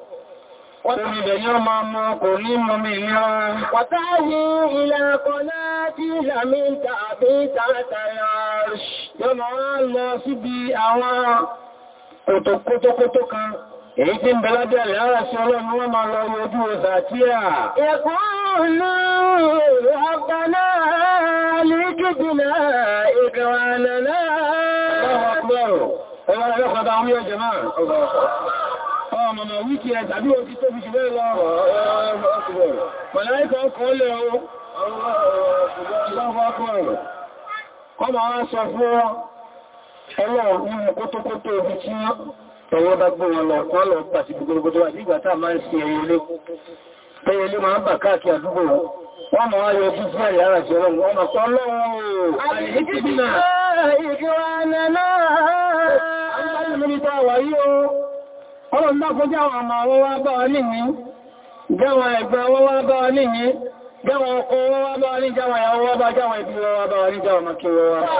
Olùdẹ̀yọ́ máa mọ́ kò ní mọ́ mi yọ́. Wàtáhí ìlàkọ̀ náà tí ìlàmí tàbí tààtàrà yóò máa lọ síbi àwọn kòtòkótókótó kan. Èyí tí ń bẹ̀lájẹ̀ lára sí ọlọ́run wọ́n máa lọ ojú ọ̀sà tí à. Ẹ̀kọ́ olóòrò ọgbà náà lè náà ìgbẹ̀wà náà. Ọlọ́run ọgbẹ̀rún, ọlọ́run ọlọ́pàá àwọn ọmọ wíkì ẹ tàbí òjì tó fi jù bẹ́ẹ̀ lọ màláíkà ọkọ̀ ọlẹ̀ o ọmọ wọn sọ fún wọ́n sí wọ́n mọ̀ ọlọ́run dákójá àwọn ọmọ wá bá ọ níhìn jáwọn ẹ̀gbọ́n wọn wá bá ọ níhìn jáwọn ọkọ wọn wá bá ọ ní jáwọn ìyàwó wá bá jáwọn ìbí wọn wá bá ọ ní jáwọn wá. àwọn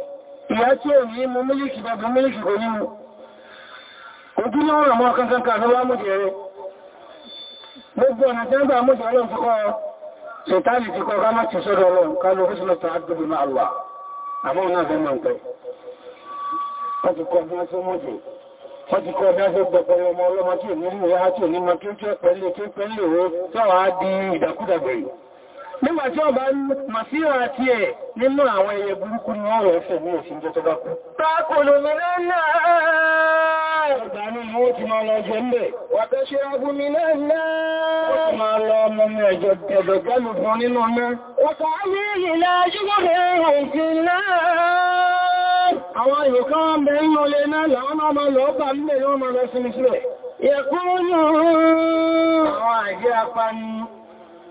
ìyá tí ò ní mú mílìkì bàbá mílìkì kò ní mú ojú ní wọ́n àmọ́ kankan kàrí wá mú jẹ́rẹ́ gbogbo ọ̀nà tí wọ́n bá mú jẹ́rẹ́ ti kọ́ ṣètàlì ti kọ́ gámà ti sọ́dọ̀ ọlọ́run kálọ̀ ó sì mọ́ta àdúgbò máa wà kọ́ bí wọ́n tó kọ́ nígbà tí ọba màsíwà àti ẹ̀ nínú àwọn ẹyẹ burúkú ni wọ́n rọ̀ fẹ̀ ní òfin jẹ́ tó bá kú. Tákùlù mìíràn náà ọ̀gbà ní mú ti máa lọ jẹ mẹ́. Wàtẹ́ ṣe agbú mìíràn náà ó ti máa lọ ọmọ mẹ́jọ ẹ̀dọ̀gbẹ́lùgbọ́n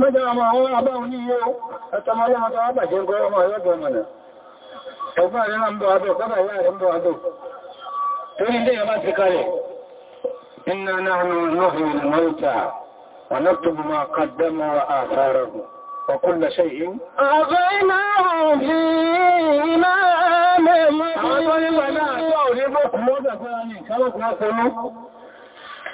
Mẹ́jọ ọmọ àwọn abá oníyó ẹ̀tọmọ ọlọ́mọta wá bàjẹ́ ọgọ́ ọmọ ọlọ́gbọ̀ ọmọdé. Ọgbọ́n rẹ̀ ń bọ̀ adó, bọ́bà ìyá rẹ̀ ń bọ̀ adó. Torí ilé ọmọ ti kalẹ̀, iná náà nọ́hù mọ́ta, wọ́n lọ́tọ̀bù máa kàdẹ́mọ́ àfẹ́rẹ̀gù, ọkùnlẹ̀ ṣe yìí. Ọgbẹ́ náà fi máa mẹ́mọ́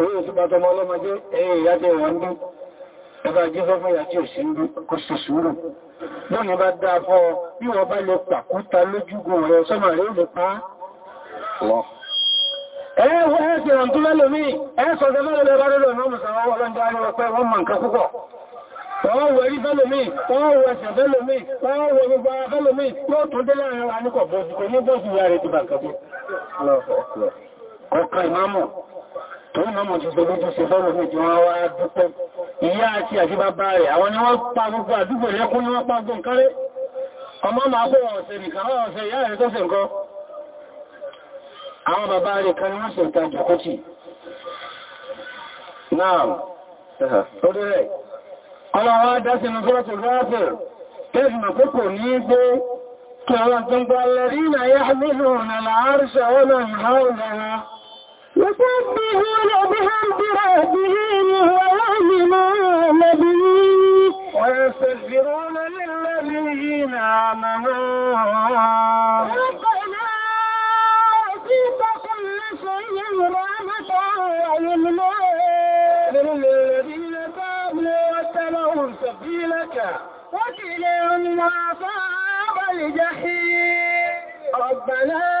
torí oṣù bá tọmọ ọlọ́mọdé ẹ̀yìn ìyájẹ́ wọn bí ẹgbà jífẹ́ fún ìyá tí ò sí rí kò sì sùúrù lónìí bá dáa fọ́ bí wọ́n bá lè pàkúta lójúgun rẹ̀ sọ́mà rẹ̀ ò lè pa ẹ̀ẹ́wọ́ ẹ̀ẹ́sẹ̀ wọn tún lẹ́lòmí ẹ̀ẹ́sọ̀ tẹ́lẹ́lẹ́ bá lọ́lọ́ ìmọ̀ mùsànwọ́ ọlọ́njẹ́ alẹ́wọ̀pẹ́ wọ́n mọ̀ nǹkan púpọ̀ wọ́n wọ ẹ̀rí fẹ́lòmí tún dé láàrin wa ní torí mọ́mọ̀ ti sọ lójú sí fọ́lọ̀ ní ìjọba wá dúpẹ́ ìyá àti àti bàbá rẹ̀ àwọn ni wọ́n pa gbogbo àdúgbò lẹ́kún ni wọ́n pa gbọ́n káré ọmọ máa pọ̀ ọ̀sẹ̀ nìkan ọ̀sẹ̀ ìyá rẹ̀ tó sì nǹkan àwọn bàbá rẹ̀ kan ni wọ́n sì ta jàkótì náà ó dé rẹ̀ ọlọ́wọ́ dá sínú fọ́lọ́tù ráfẹ̀ tẹ́sìmà púpọ̀ ní gbé kí àwọn tó ń gbá lẹ́rí na yá وسبه لبهم برهبهم ويؤمن نبيه ويستغفرون للذين آمنوا ربنا أتيت كل شيء رحمة وعلما للذين تابوا واتبعوا سبيلك وكلهم عذاب الجحيم ربنا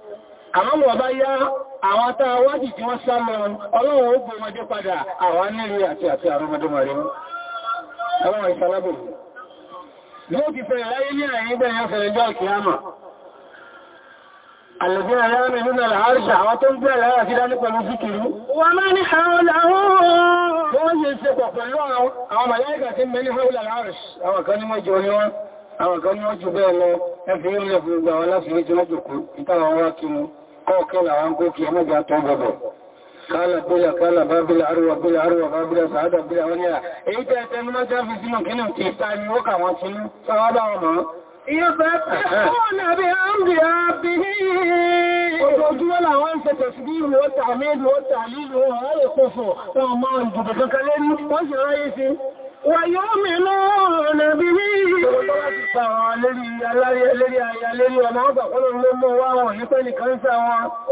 àwọn ọba yá àwọn atáa wájì tí wọ́n sá lọ ọlọ́run ó gbé ọmọdé padà àwọn nílé àti àti àwọn ọmọdé mọ̀rí ọlọ́run ìsàlábò yóò ti fẹ̀rẹ̀ láyé ní àyín gbẹ̀yàn fẹ̀rẹ̀ jọ ìkìyàmà Àlẹ́gbẹ̀rẹ̀ láàrin nínú àlàáṣà àwọn tó ń gbẹ̀rẹ̀ lára sí dání pẹ̀lú síkìrú. Wà máa ní àwọn àwọn àwọn kan ní ọjọ́ bẹ́ẹ̀ lọ ẹfẹ́ ilẹ̀ fún ìgbà wọn láti rí tí wọ́n jùkú ìtàwà wá kí mú kọ́ọ̀kẹ́lá àwọn kó kí ẹmọ́gbà tó bọ̀bọ̀ kálà bóyà kálà bá bílà arúwà bílà arúwà bá bílà sàádà bílà wọn yà èyí tẹ́ ẹ̀tẹ́ mímọ́ já fi sínú kínú ti ta ni ó kà wọ́n ويؤمنون به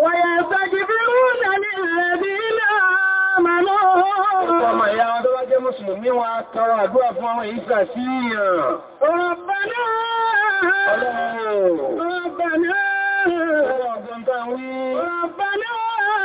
ويستكبرون للذين آمنوا Ọmọ ìyá wọn tó bá jẹ́ Mùsùlùmí wọn tọrọ àdúrà fún àwọn ìsà sí ìyàn. Ọ̀bẹ̀nà! Ọlọ́run! Ọ̀bẹ̀nà! Ọlọ́run! Ọ̀bẹ̀nà!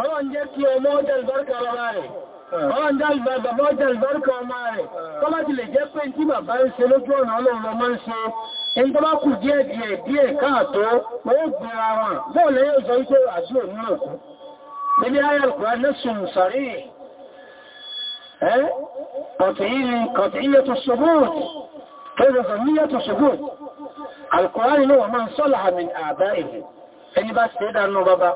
ọlọ́run jẹ́ kí ọmọ ọjọ́ ìbárkà rárá rẹ̀ ọlọ́run jẹ́ bàbá ọjọ́ ìbárkà ọmọ rẹ̀ tó bá ti lè jẹ́ pé tí bàbá ń ṣe lójú ọ̀nà ọlọ́run lọ máa ń ṣe in tó bá kù díẹ̀ díẹ̀ díẹ̀ káàtó wọ́n gbìyà wọn bóò lè yóò sọ wípé àdúrò nínú òkú níbi ayàlùkùrá lẹ́sùn sàrí kọ̀tíyẹ́tù ṣubúùtù tó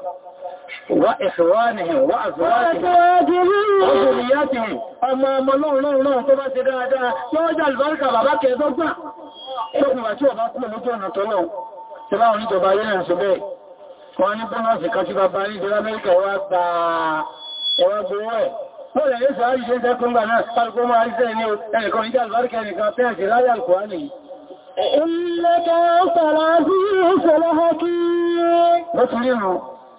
وإخوانهم وأزواجهم وذرياتهم أما ملون لون لون tó bá ṣe dáadáa yóò jẹ́ àlùbáríkà bàbá kẹ́ẹ̀dọ́gbà ẹgbùn àti ọ̀bá kúrò lójú ọ̀nà tọ́lọ̀ tí bá wọn níjọba ayé náà ṣe bẹ́ẹ̀ wọ́n ní bọ́nọ́sì kan tí bàbá ní ìjọba Amẹ́ríkà wá gba ẹwà gbowó ẹ̀ Bọ́ọ̀lẹ̀ yóò sọ àríṣẹ́ tó gbà náà, pàtàkì máa ríṣẹ́ ní ẹnìkan ìjá àlùbáríkà ẹnìkan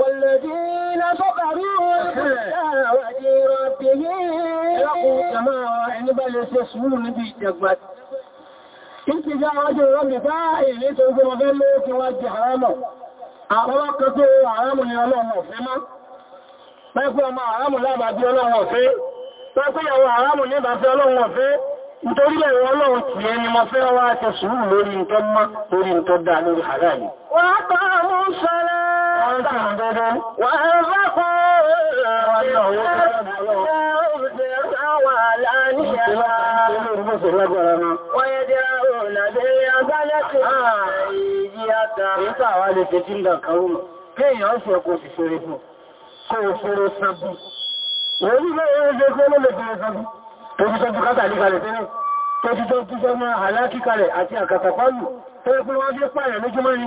والذين صبروا بِالْحَسَنَةِ رَبِّهِمْ لَقُوا سَمَاءً بَلْ سَسْمُونَ بِالْجَبَّةِ Títí já wájú rọ́mì báyìí nítorí gbogbo ọgbẹ́ ló ti wájú àrámọ̀. Àwọn ọkọ̀ tó àrámọ̀ ni ọlọ́run ọ̀fẹ́ máa. Pẹ́kọ́ ọmọ àrámọ̀ lábàájú ọlọ́run ọ̀fẹ́. Pẹ́kọ́ ìyàwó àrámọ̀ ní ìbáfẹ́ ọlọ́run ọ̀fẹ́. Nítorí lẹ́yìn ọlọ́run ti ẹni mọ́ fẹ́ wá ti sùúrù lórí nǹkan mọ́ lórí nǹkan dáa lórí àrámọ̀. Wọ́n wọ́n tàn gọ́gọ́. Wọ́n bá kọ́ Kéèyàn ṣe kò sì ṣeré fún, kò ṣeré sábú. Wọ́n ní bẹ́ ẹ̀rẹ́ ṣe kó ló lè ṣeré sábú, tó ti sọ́bù kátà ní kalẹ̀ tẹ́lẹ̀, tó ti sọ́bù sọ́mọ́ àlákíkalẹ̀ àti àkàtàpálù, tó ẹkùn wọ́n jẹ́ pààyàn lójúmọ́ ni.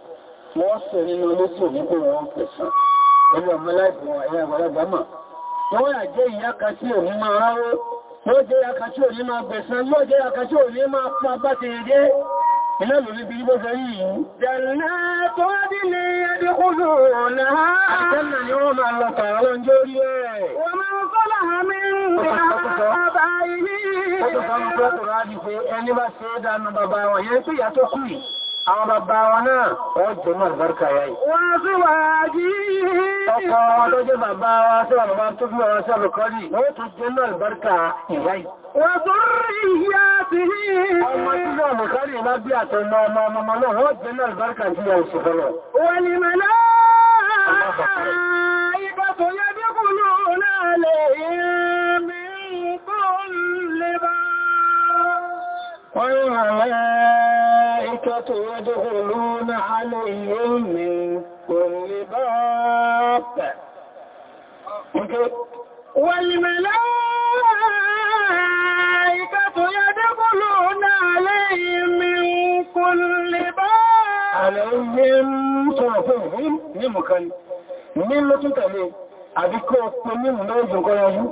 wọ́n sọ nínú olóṣù nígbò wọn pẹ̀sùn ẹlú ọmọláìbù ẹ̀yà àgbàlagbàmà wọ́n yà jẹ́ ìyá kan tí òní máa ráwó yóò jẹ́ tí òní máa gbẹ̀sán yóò jẹ́ tí òní máa pa bá iná lórí bí bó ẹni bá ṣe dánú bàbá wọ̀nyẹ́ tó yà tó kú yìí àwọn bàbá wọn náà wọ́n jẹ́ mọ̀ àlùbáríkà wáyé. Wọ́n sí wà jí ọkọ̀ wọn tó jẹ́ bàbá wa sí wà bàbá tó fún ọ̀rọ̀ sí àlùkọ́lì wọ́n tó jẹ́ mọ̀ àlùbáríkà ìwáyé. Wọ́n tó rí ìyá ti rí ọmọ sílẹ̀ àlùkọ́lì má bí àtọmọ ọmọ ọmọ náà wọ́n yẹ bí kùnú náà lè والملائكة يدخلون عليهم من كل باب والملائكة يدخلون عليهم من كل باب عليهم توفيهم نمكن nílò tún tẹ̀lé àdíkò pẹ̀lú ìmúlẹ́ ìjùnkọ́ yọjú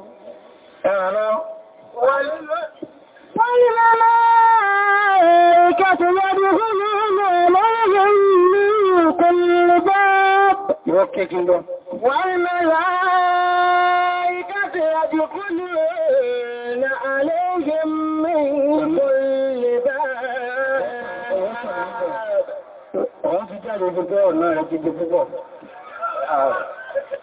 ẹ̀rọ wọ́n والملائكة يدخلون عليهم من كل باب والملائكة يدخلون عليهم من كل باب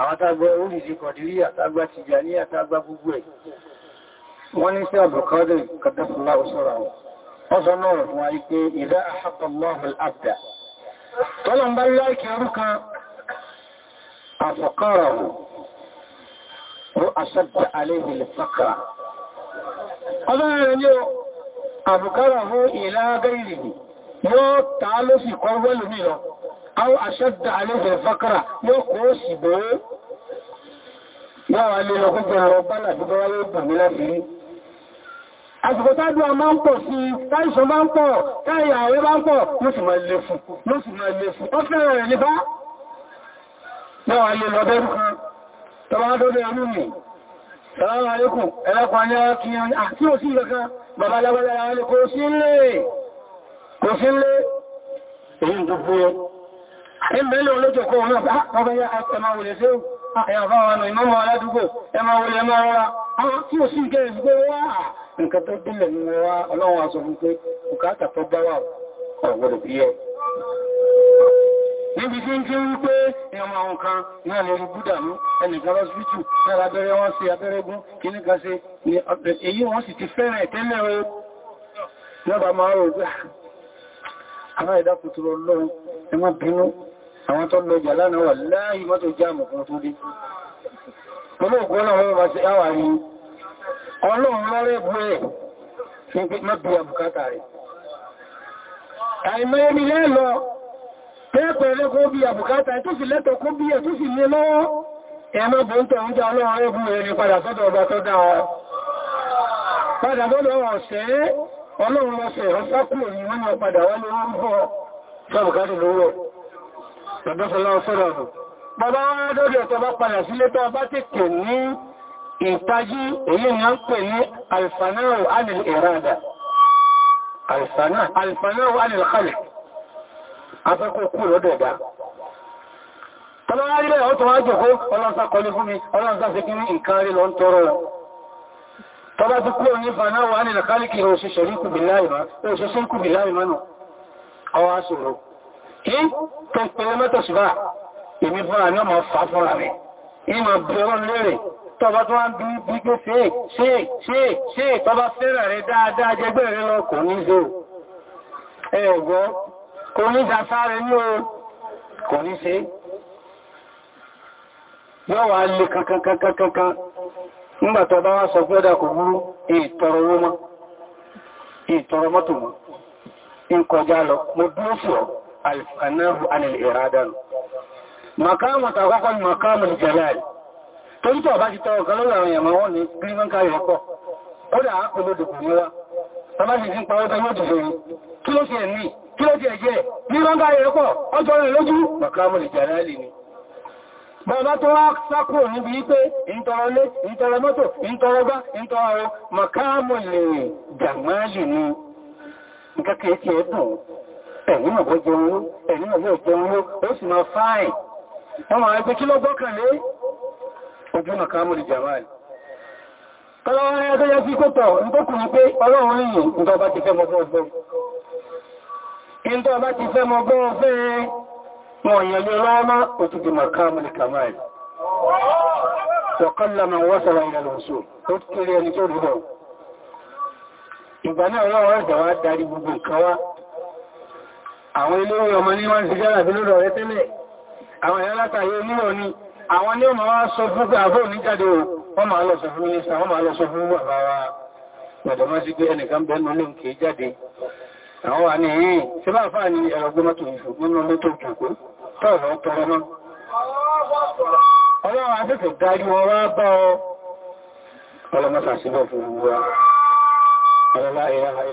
àwọn tágbà oríṣi kọ̀dìríyà tágbà tìjàníyà tágbà gbogbo ẹ̀ wọ́n ní sí àbùkọ́dẹ̀ kàtàkùnlá òṣòrò àwọn wọ́n sọ náà fún wa pé ìdá àhàbàláhùn àbdà tọ́lọ̀ ń bá láìkì arúkà àfọ̀kọ́rọ̀ ó àṣẹ́bà aléhìlì fàkà àwọn aṣẹ́dà alẹ́fẹ̀ fákàrà yóò kó sì bó yáwà lè lọ gbogbo ọ̀rọ̀ bálà tó bọ́wá yóò bà mí láti rí àsìkò tádùá máa ń pọ̀ sí táìsọ máa ń pọ̀ táì ààrẹ máa ń pọ̀ ló sì máa lè fún ló sì máa lè fún ó fẹ́rẹ̀ rẹ̀ nípa yáwà lè lọ bẹ́rù kan tọwọ́ dọ́dọ̀ ẹ̀rú mi sàárà alékùn ẹlẹ́kùn ayá kí àti òsì ìrẹ́kan bàbá lábálára rẹ̀ kò sí ń lè èyí gbogbo Ẹgbẹ̀lẹ̀ olójòkó náà ah, ah, bá ọgbẹ̀ yá ọ̀tẹ̀mà wùlẹ̀ sí ẹ̀yà bá wà nù ìmọ́mọ̀ aládùgbò, ẹmà wùlẹ̀ mọ́ ọ̀rọ̀ àwọn tí ó sì gẹ́ ìgbé wá. Nǹkan tó dínlẹ̀ mú wá ọlọ́run aṣọ fún pé, bùkátà tó bá wà ọ̀gbọ̀dọ̀ bí ẹ. Níbi tí ń kí ń pé ẹwọ̀n àwọn kan náà lórí Búdà mú, ẹnìkan lọ síbítù, lára abẹ́rẹ́ wọ́n sí abẹ́rẹ́gún, kí ní kan sí, èyí wọ́n sì ti fẹ́rẹ̀ tẹ́lẹ̀ o. Lọ́bàá máa rò pé ah, àwọn ìdákùtù lọ lọ́run, ẹ má bínú, àwọn tó lọ́jà lánàá wà láàáyí mọ́tò jáàmù kan tó dé olóògùn ọlọ́run wọ́n sí àwà rí ọlọ́run lọ́rẹ́ bú ẹ̀ ní pé má bí àbùkátà rẹ̀ àìmọ́ ẹni lẹ́lọ tẹ́ẹ̀pẹ̀ẹ́rẹ́ kó bí àbùkátà tó sì lẹ́tọ̀ kó bí ẹ̀ tó sì lé lọ́wọ́ ẹ̀mọ́ bó ń tọ̀ ń já ọlọ́run rẹ̀ bú ẹ̀ ní padà sọ́dọ̀ ọba tó dá ọ padà bọ́lọ̀ ọ̀sẹ̀ ọlọ́run lọ́sẹ̀ ọ̀sákùnrin wọ́n ni ọ Bàbá wọn lórí ọ̀tọ̀ bá padà sílé tó bá ti kè ní ìtají èyí ni a ń pè ní alfanáwò anil ìrádà. Alfanáwò anil khalq. Afẹ́kọ́ kú lọ́dọ̀dá. Tọ́lá wá rí bẹ́ẹ̀ ó tó wá jòkó ọlọ́nsá kọlu fún mi, ọlọ́nsá fi kí ní nǹkan rí lọ ń tọrọ tọ́bá tó tó pẹ̀lẹ̀ mẹ́tọ̀ṣùgbà èmi fún àmì ọmọ fà fúnra rẹ̀ ìmọ̀ bẹ̀rún lérè tọba tó wọ́n bí gbígbé ṣe ṣe ṣe ṣe tọba fẹ́rẹ̀ rẹ̀ dáadáa jẹgbẹ́ rẹ̀ lọ kò ní ṣe ẹ̀gbọ́ kò ní jàfáre ní o kò ní ṣe yọ́ wà lè kankankankankan nígbà tọba wá sọ gbọ́dá kò burú ìtọrọ owó mọ́ ìtọrọ mọ́tò mọ́ ìkọjá lọ mo alfanáhù anìlèrádàrù makamu àtàkọ́kọ́ makamu jalal tó ń tọ́ bá ti tọrọ kan lórí àwọn ìyàmọ̀ wọn ní gírímọ́n káyọ̀ ọkọ̀ ó dà ápò lódò kò níwá tọ́bá sì ti ń pàwọ́ tọ́mọ́ jù sórí kí ló ti ẹ̀ ní kí ló ti ẹ̀ jẹ́ gírímọ́n ni bàbá tó wá sákò níbi ni ẹ̀yìn mọ̀ bọ́ jẹun ó ẹ̀yìn mọ̀ bọ́ jẹun ó ó sì máa fáìn wọ́n máa ẹgbẹ́ kí ló gbọ́kànlé ojú nà kámùrì jamal tọ́lọ́wọ́n ẹgbẹ́ yẹ́ sí kótọ̀ nítọ́kùnrin pé ọlọ́run yìí ǹdọ́ bá ti fẹ́ mọ́ bọ́ ọgbọ́n ǹdọ́ bá ti fẹ́ mọ́ bọ́ ọgbẹ́ wọ̀nyẹ̀ lé lọ́ọ́má òtùdì mà kámùrì kamal وقل من وصل إلى الوصول قلت لي أن تقول له إذا أنا أرجع أدري بكوا àwọn iléwé ọmọ ní wọ́n ti gára bí lọ́rọ̀ rẹ tẹ́lẹ̀ àwọn ìyá látàrí onímọ̀ ni àwọn ní ọmọ wá sọ fún pé àbọ̀ níjáde o wọ́n máa lọ sọ fún mínísà wọ́n máa lọ sọ fún bàbá wa pẹ̀lọ́mọ́ sí pé ẹnìkan bá fà ní ẹ̀rọgbọ́n mọ́tò ìfò wọn wá bá ọ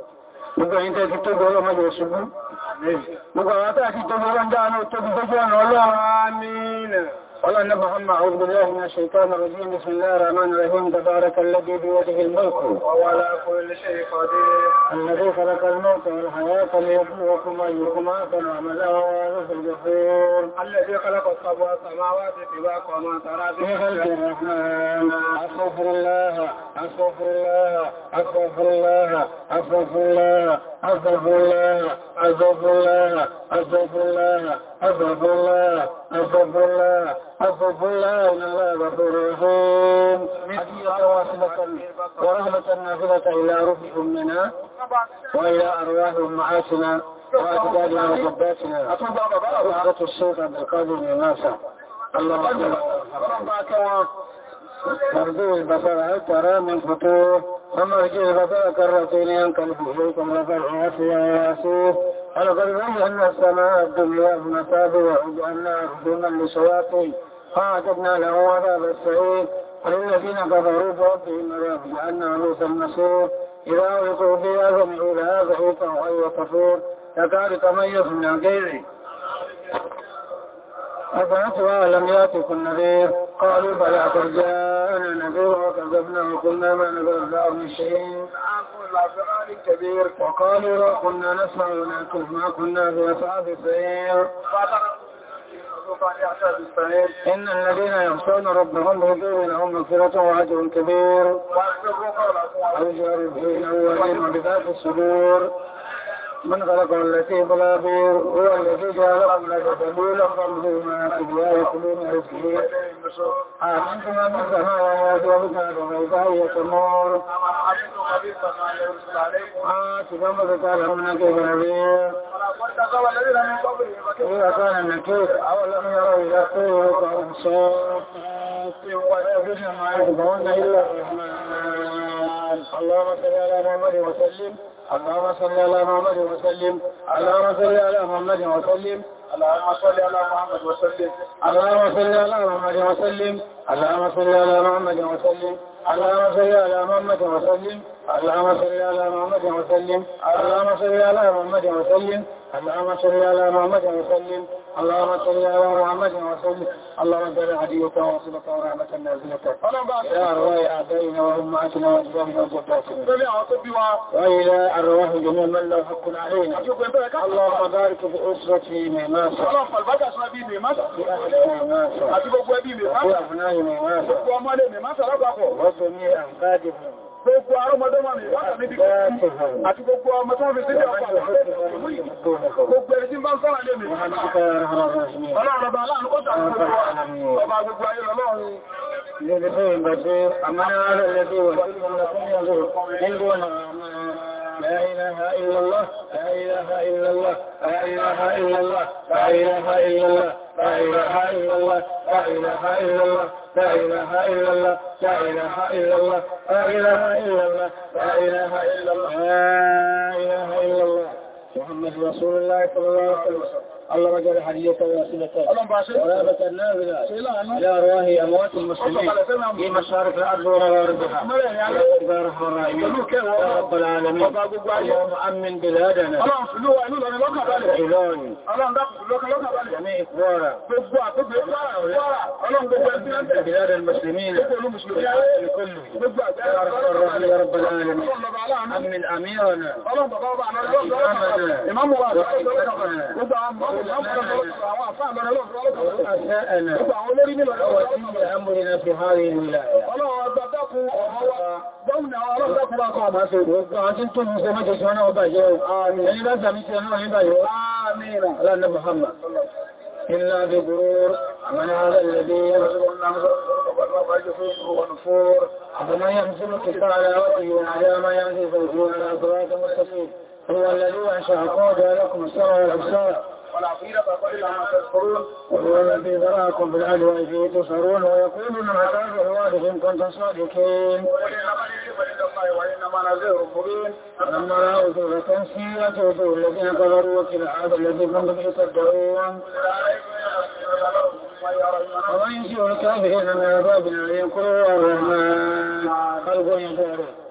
gbogbo ẹ̀yin tẹ́ ti tó gbọ́ ọlọ́mọ yóò ṣubú gbogbo àwọn tẹ́ ti tó gbọ́ ọlọ́mọ ومنه هم أعوذ بالله من الشيطان الرجيم بسم الله الرحمن الرحيم تبارك الذي بيده الملك وهو على كل شيء قدير الذي خلق الموت والحياة ليبلوكم أيكم أحسن عملا وهو الجحيم الذي خلق السبع السماوات طباقا وما ترى في خلق الرحمن أستغفر الله أستغفر الله أستغفر الله أستغفر الله أستغفر الله أستغفر الله أستغفر الله أستغفر الله أستغفر الله أستغفر الله إن الله غفور رحيم هدية واصلة ورحمة نافذة إلى روح أمنا وإلى أرواح معاشنا وأجدادنا وجداتنا وحدة الشيخ عبد القادر الناصر اللهم ربك مرجو البصر هل ترى من فتوه ومرجو البصر كرتين ينقلب إليكم لفرح عافية وياسوه ولقد ان السماء الدنيا بمثابها وجعلناها هدوما لشياطين فاعتدنا له عذاب السعير وللذين كفروا بربهم عذاب جعلنا لوط المسير إذا ألقوا فيها سمعوا لها زحيقا وغير كفور يكاد تميز من الجيل أفعتوا لم يأتكم نذير قالوا بلى قد جاءنا نذير وكذبنا وقلنا ما نذر الله من شيء العفان الكبير وقالوا كنا نسمع ولكن ما كنا في أصحاب السعير إن الذين يخشون ربهم بهدوء لهم مغفرة وعجب كبير الجاربين أولين وبذات الصدور من خلق التي بلا بير هو الذي جعلكم لك سبيلا فامضينا إلا يكلون رزقه آمنتم أن السماوات وبكات وإذا هي تمور آتكم وذكر من كيف نذير إذا كان النكير أولم يروا إلى الطير كأنصار ويأبن ما يتبعون إلا الرحمن اللهم صل على محمد وسلم اللهم صل على محمد وسلم اللهم صل على محمد وسلم اللهم صل على محمد وسلم اللهم صل على محمد وسلم اللهم صل على محمد وسلم اللهم صل على محمد وسلم اللهم صل على محمد وسلم اللهم صل على محمد وسلم اللهم صل على محمد وسلم اللهم صل على محمد وسلم اللهم صل هديك ورسولك ورحمة نازلتك يا أرواح أعدائنا وأمهاتنا وأجدادنا وجداتنا وإلى أرواح جميع من له حق علينا اللهم بارك في اللهم ميماسة في أهلي ميماسة في أبنائي ميماسة وفي أنفادهم gbogbo arọ́mọdọ́mọ̀ mi wọ́n tàbí bíkọ́ àti gbogbo ọmọ tó fi sílẹ̀ ọ̀pọ̀ gbogbo ẹ̀rẹ́ tí bá ń sọ́rọ̀ ilé mi ọlọ́rọ̀bà aláàrùn kó tàbí ọba gbogbo ayé lọ́lọ́run Ìgbẹ̀rẹ̀ ìgbàjẹ́ àmàrà rẹ̀ lẹ́bí wà tí wọ́n lọ́pọ̀ ní ọjọ́ nígbò náà لا إله إلا الله لا إله إلا الله لا إله إلا الله لا إله إلا الله لا إله إلا الله لا إله إلا الله لا إله إلا الله لا إله إلا الله لا إله إلا الله لا إله إلا الله لا إله إلا الله محمد رسول الله صلى الله عليه وسلم الله اللهم اجعل حديثك وسيلة ورابة النافلة إلى أرواح أموات المسلمين في مشارف الأرض ومغاربها يعني. يا رحمة يا رب العالمين اللهم أمن بلادنا إيران جميع إخوارا بلاد المسلمين كله يا رب الراحمين يا رب العالمين أمن أميرنا أمن وإمامنا أساءنا وسيء أمرنا في هذه الولاية Gbọ́nà ọ̀rọ̀ ọ̀pọ̀lọpọ̀ ọkọ̀ ọmọ ṣe gbogbo àti tó mú ṣe mẹ́jọ ṣe ọ̀nà ọba ìjọ àmì ẹni bá sàmì ṣe ọ̀nà ìbá yóò àmì ìlànà Muhammad. Ilá bí gúrúrú, àmàlà alẹ́lẹ́bí, أفما يمثل كفالا وقيون على ما يمثل فوجون على صراط مستقيم هو الذي أنشأكم وجعلكم السمع والأبصار وهو الذي ذراكم فيه العدل وإذ تصرون ويقولون متى ان كنت صادقين وإنما نذير مبين فلما رأوا ثورة سيئت وجوه الذين كفروا وكل هذا الذي كنتم تصدقون ومن يشاء الكافرين من عذاب اليم قل الرحمن خلق يدعوه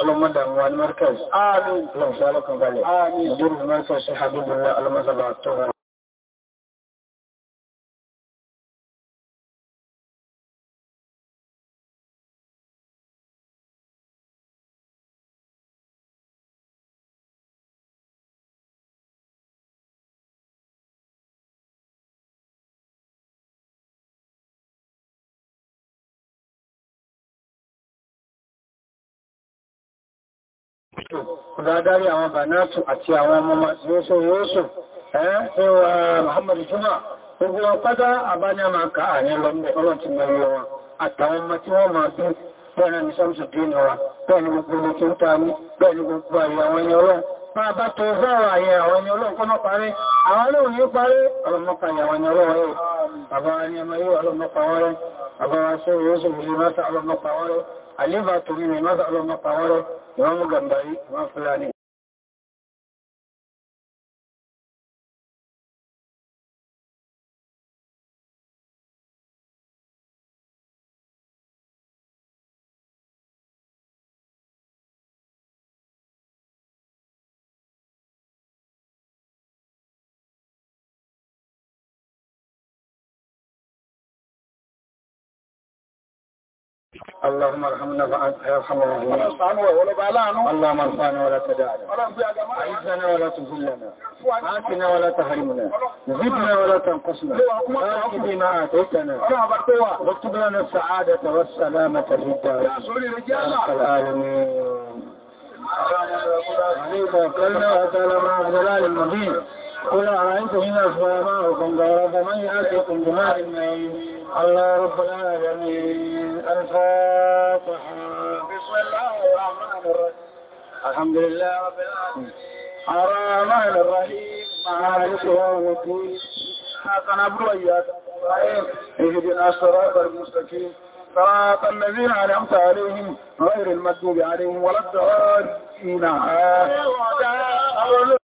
اللهم دعوا المركز آمين اللهم سألكم بالله آمين جرد المركز حبيب الله المسلم bànátù ọ̀dáadárí àwọn bànátù àti àwọn ọmọ yóò yóò ẹ́ wà Muhammadu Juma gbogbo wọn pátá àbájáma ká àyẹ́ lọ́mọ ọlọ́tí mẹ́rin wọn àtàwọn ọmọ tí wọ́n máa bí bẹ́ẹ̀ ni sọ́mṣù dín wa bẹ́ẹ̀ ni gbogbo ọmọ tí ó ta ní bẹ́ẹ̀ ni gbogbo àyè àwọn ẹni ọlọ́ máa bá tó fẹ́rọ àyè àwọn ẹni ọlọ́ kọ́mọ́ parí àwọn olóòrùn yìí Imam Gambayi, Imam Fulani اللهم ارحمنا فأنت ارحم الراحمين اللهم ارحمنا ولا تدعنا أعزنا ولا تذلنا آتنا ولا تحرمنا زدنا ولا تنقصنا آت بما اعطيتنا واكتب لنا السعادة والسلامة في الدار العالمين قلنا تعالى مع عبد الله المبين قل أرأيتم إن أصبر معكم غيره من يأتيكم بمال مهين الله رب العالمين الفاتحة بسم الله الرحمن الرحيم الحمد لله رب العالمين الرحمن الرحيم مالك يوم الدين إياك نعبد وإياك نستعين اهدنا الصراط المستقيم صراط الذين أنعمت عليهم غير المكتوب عليهم ولا الضالين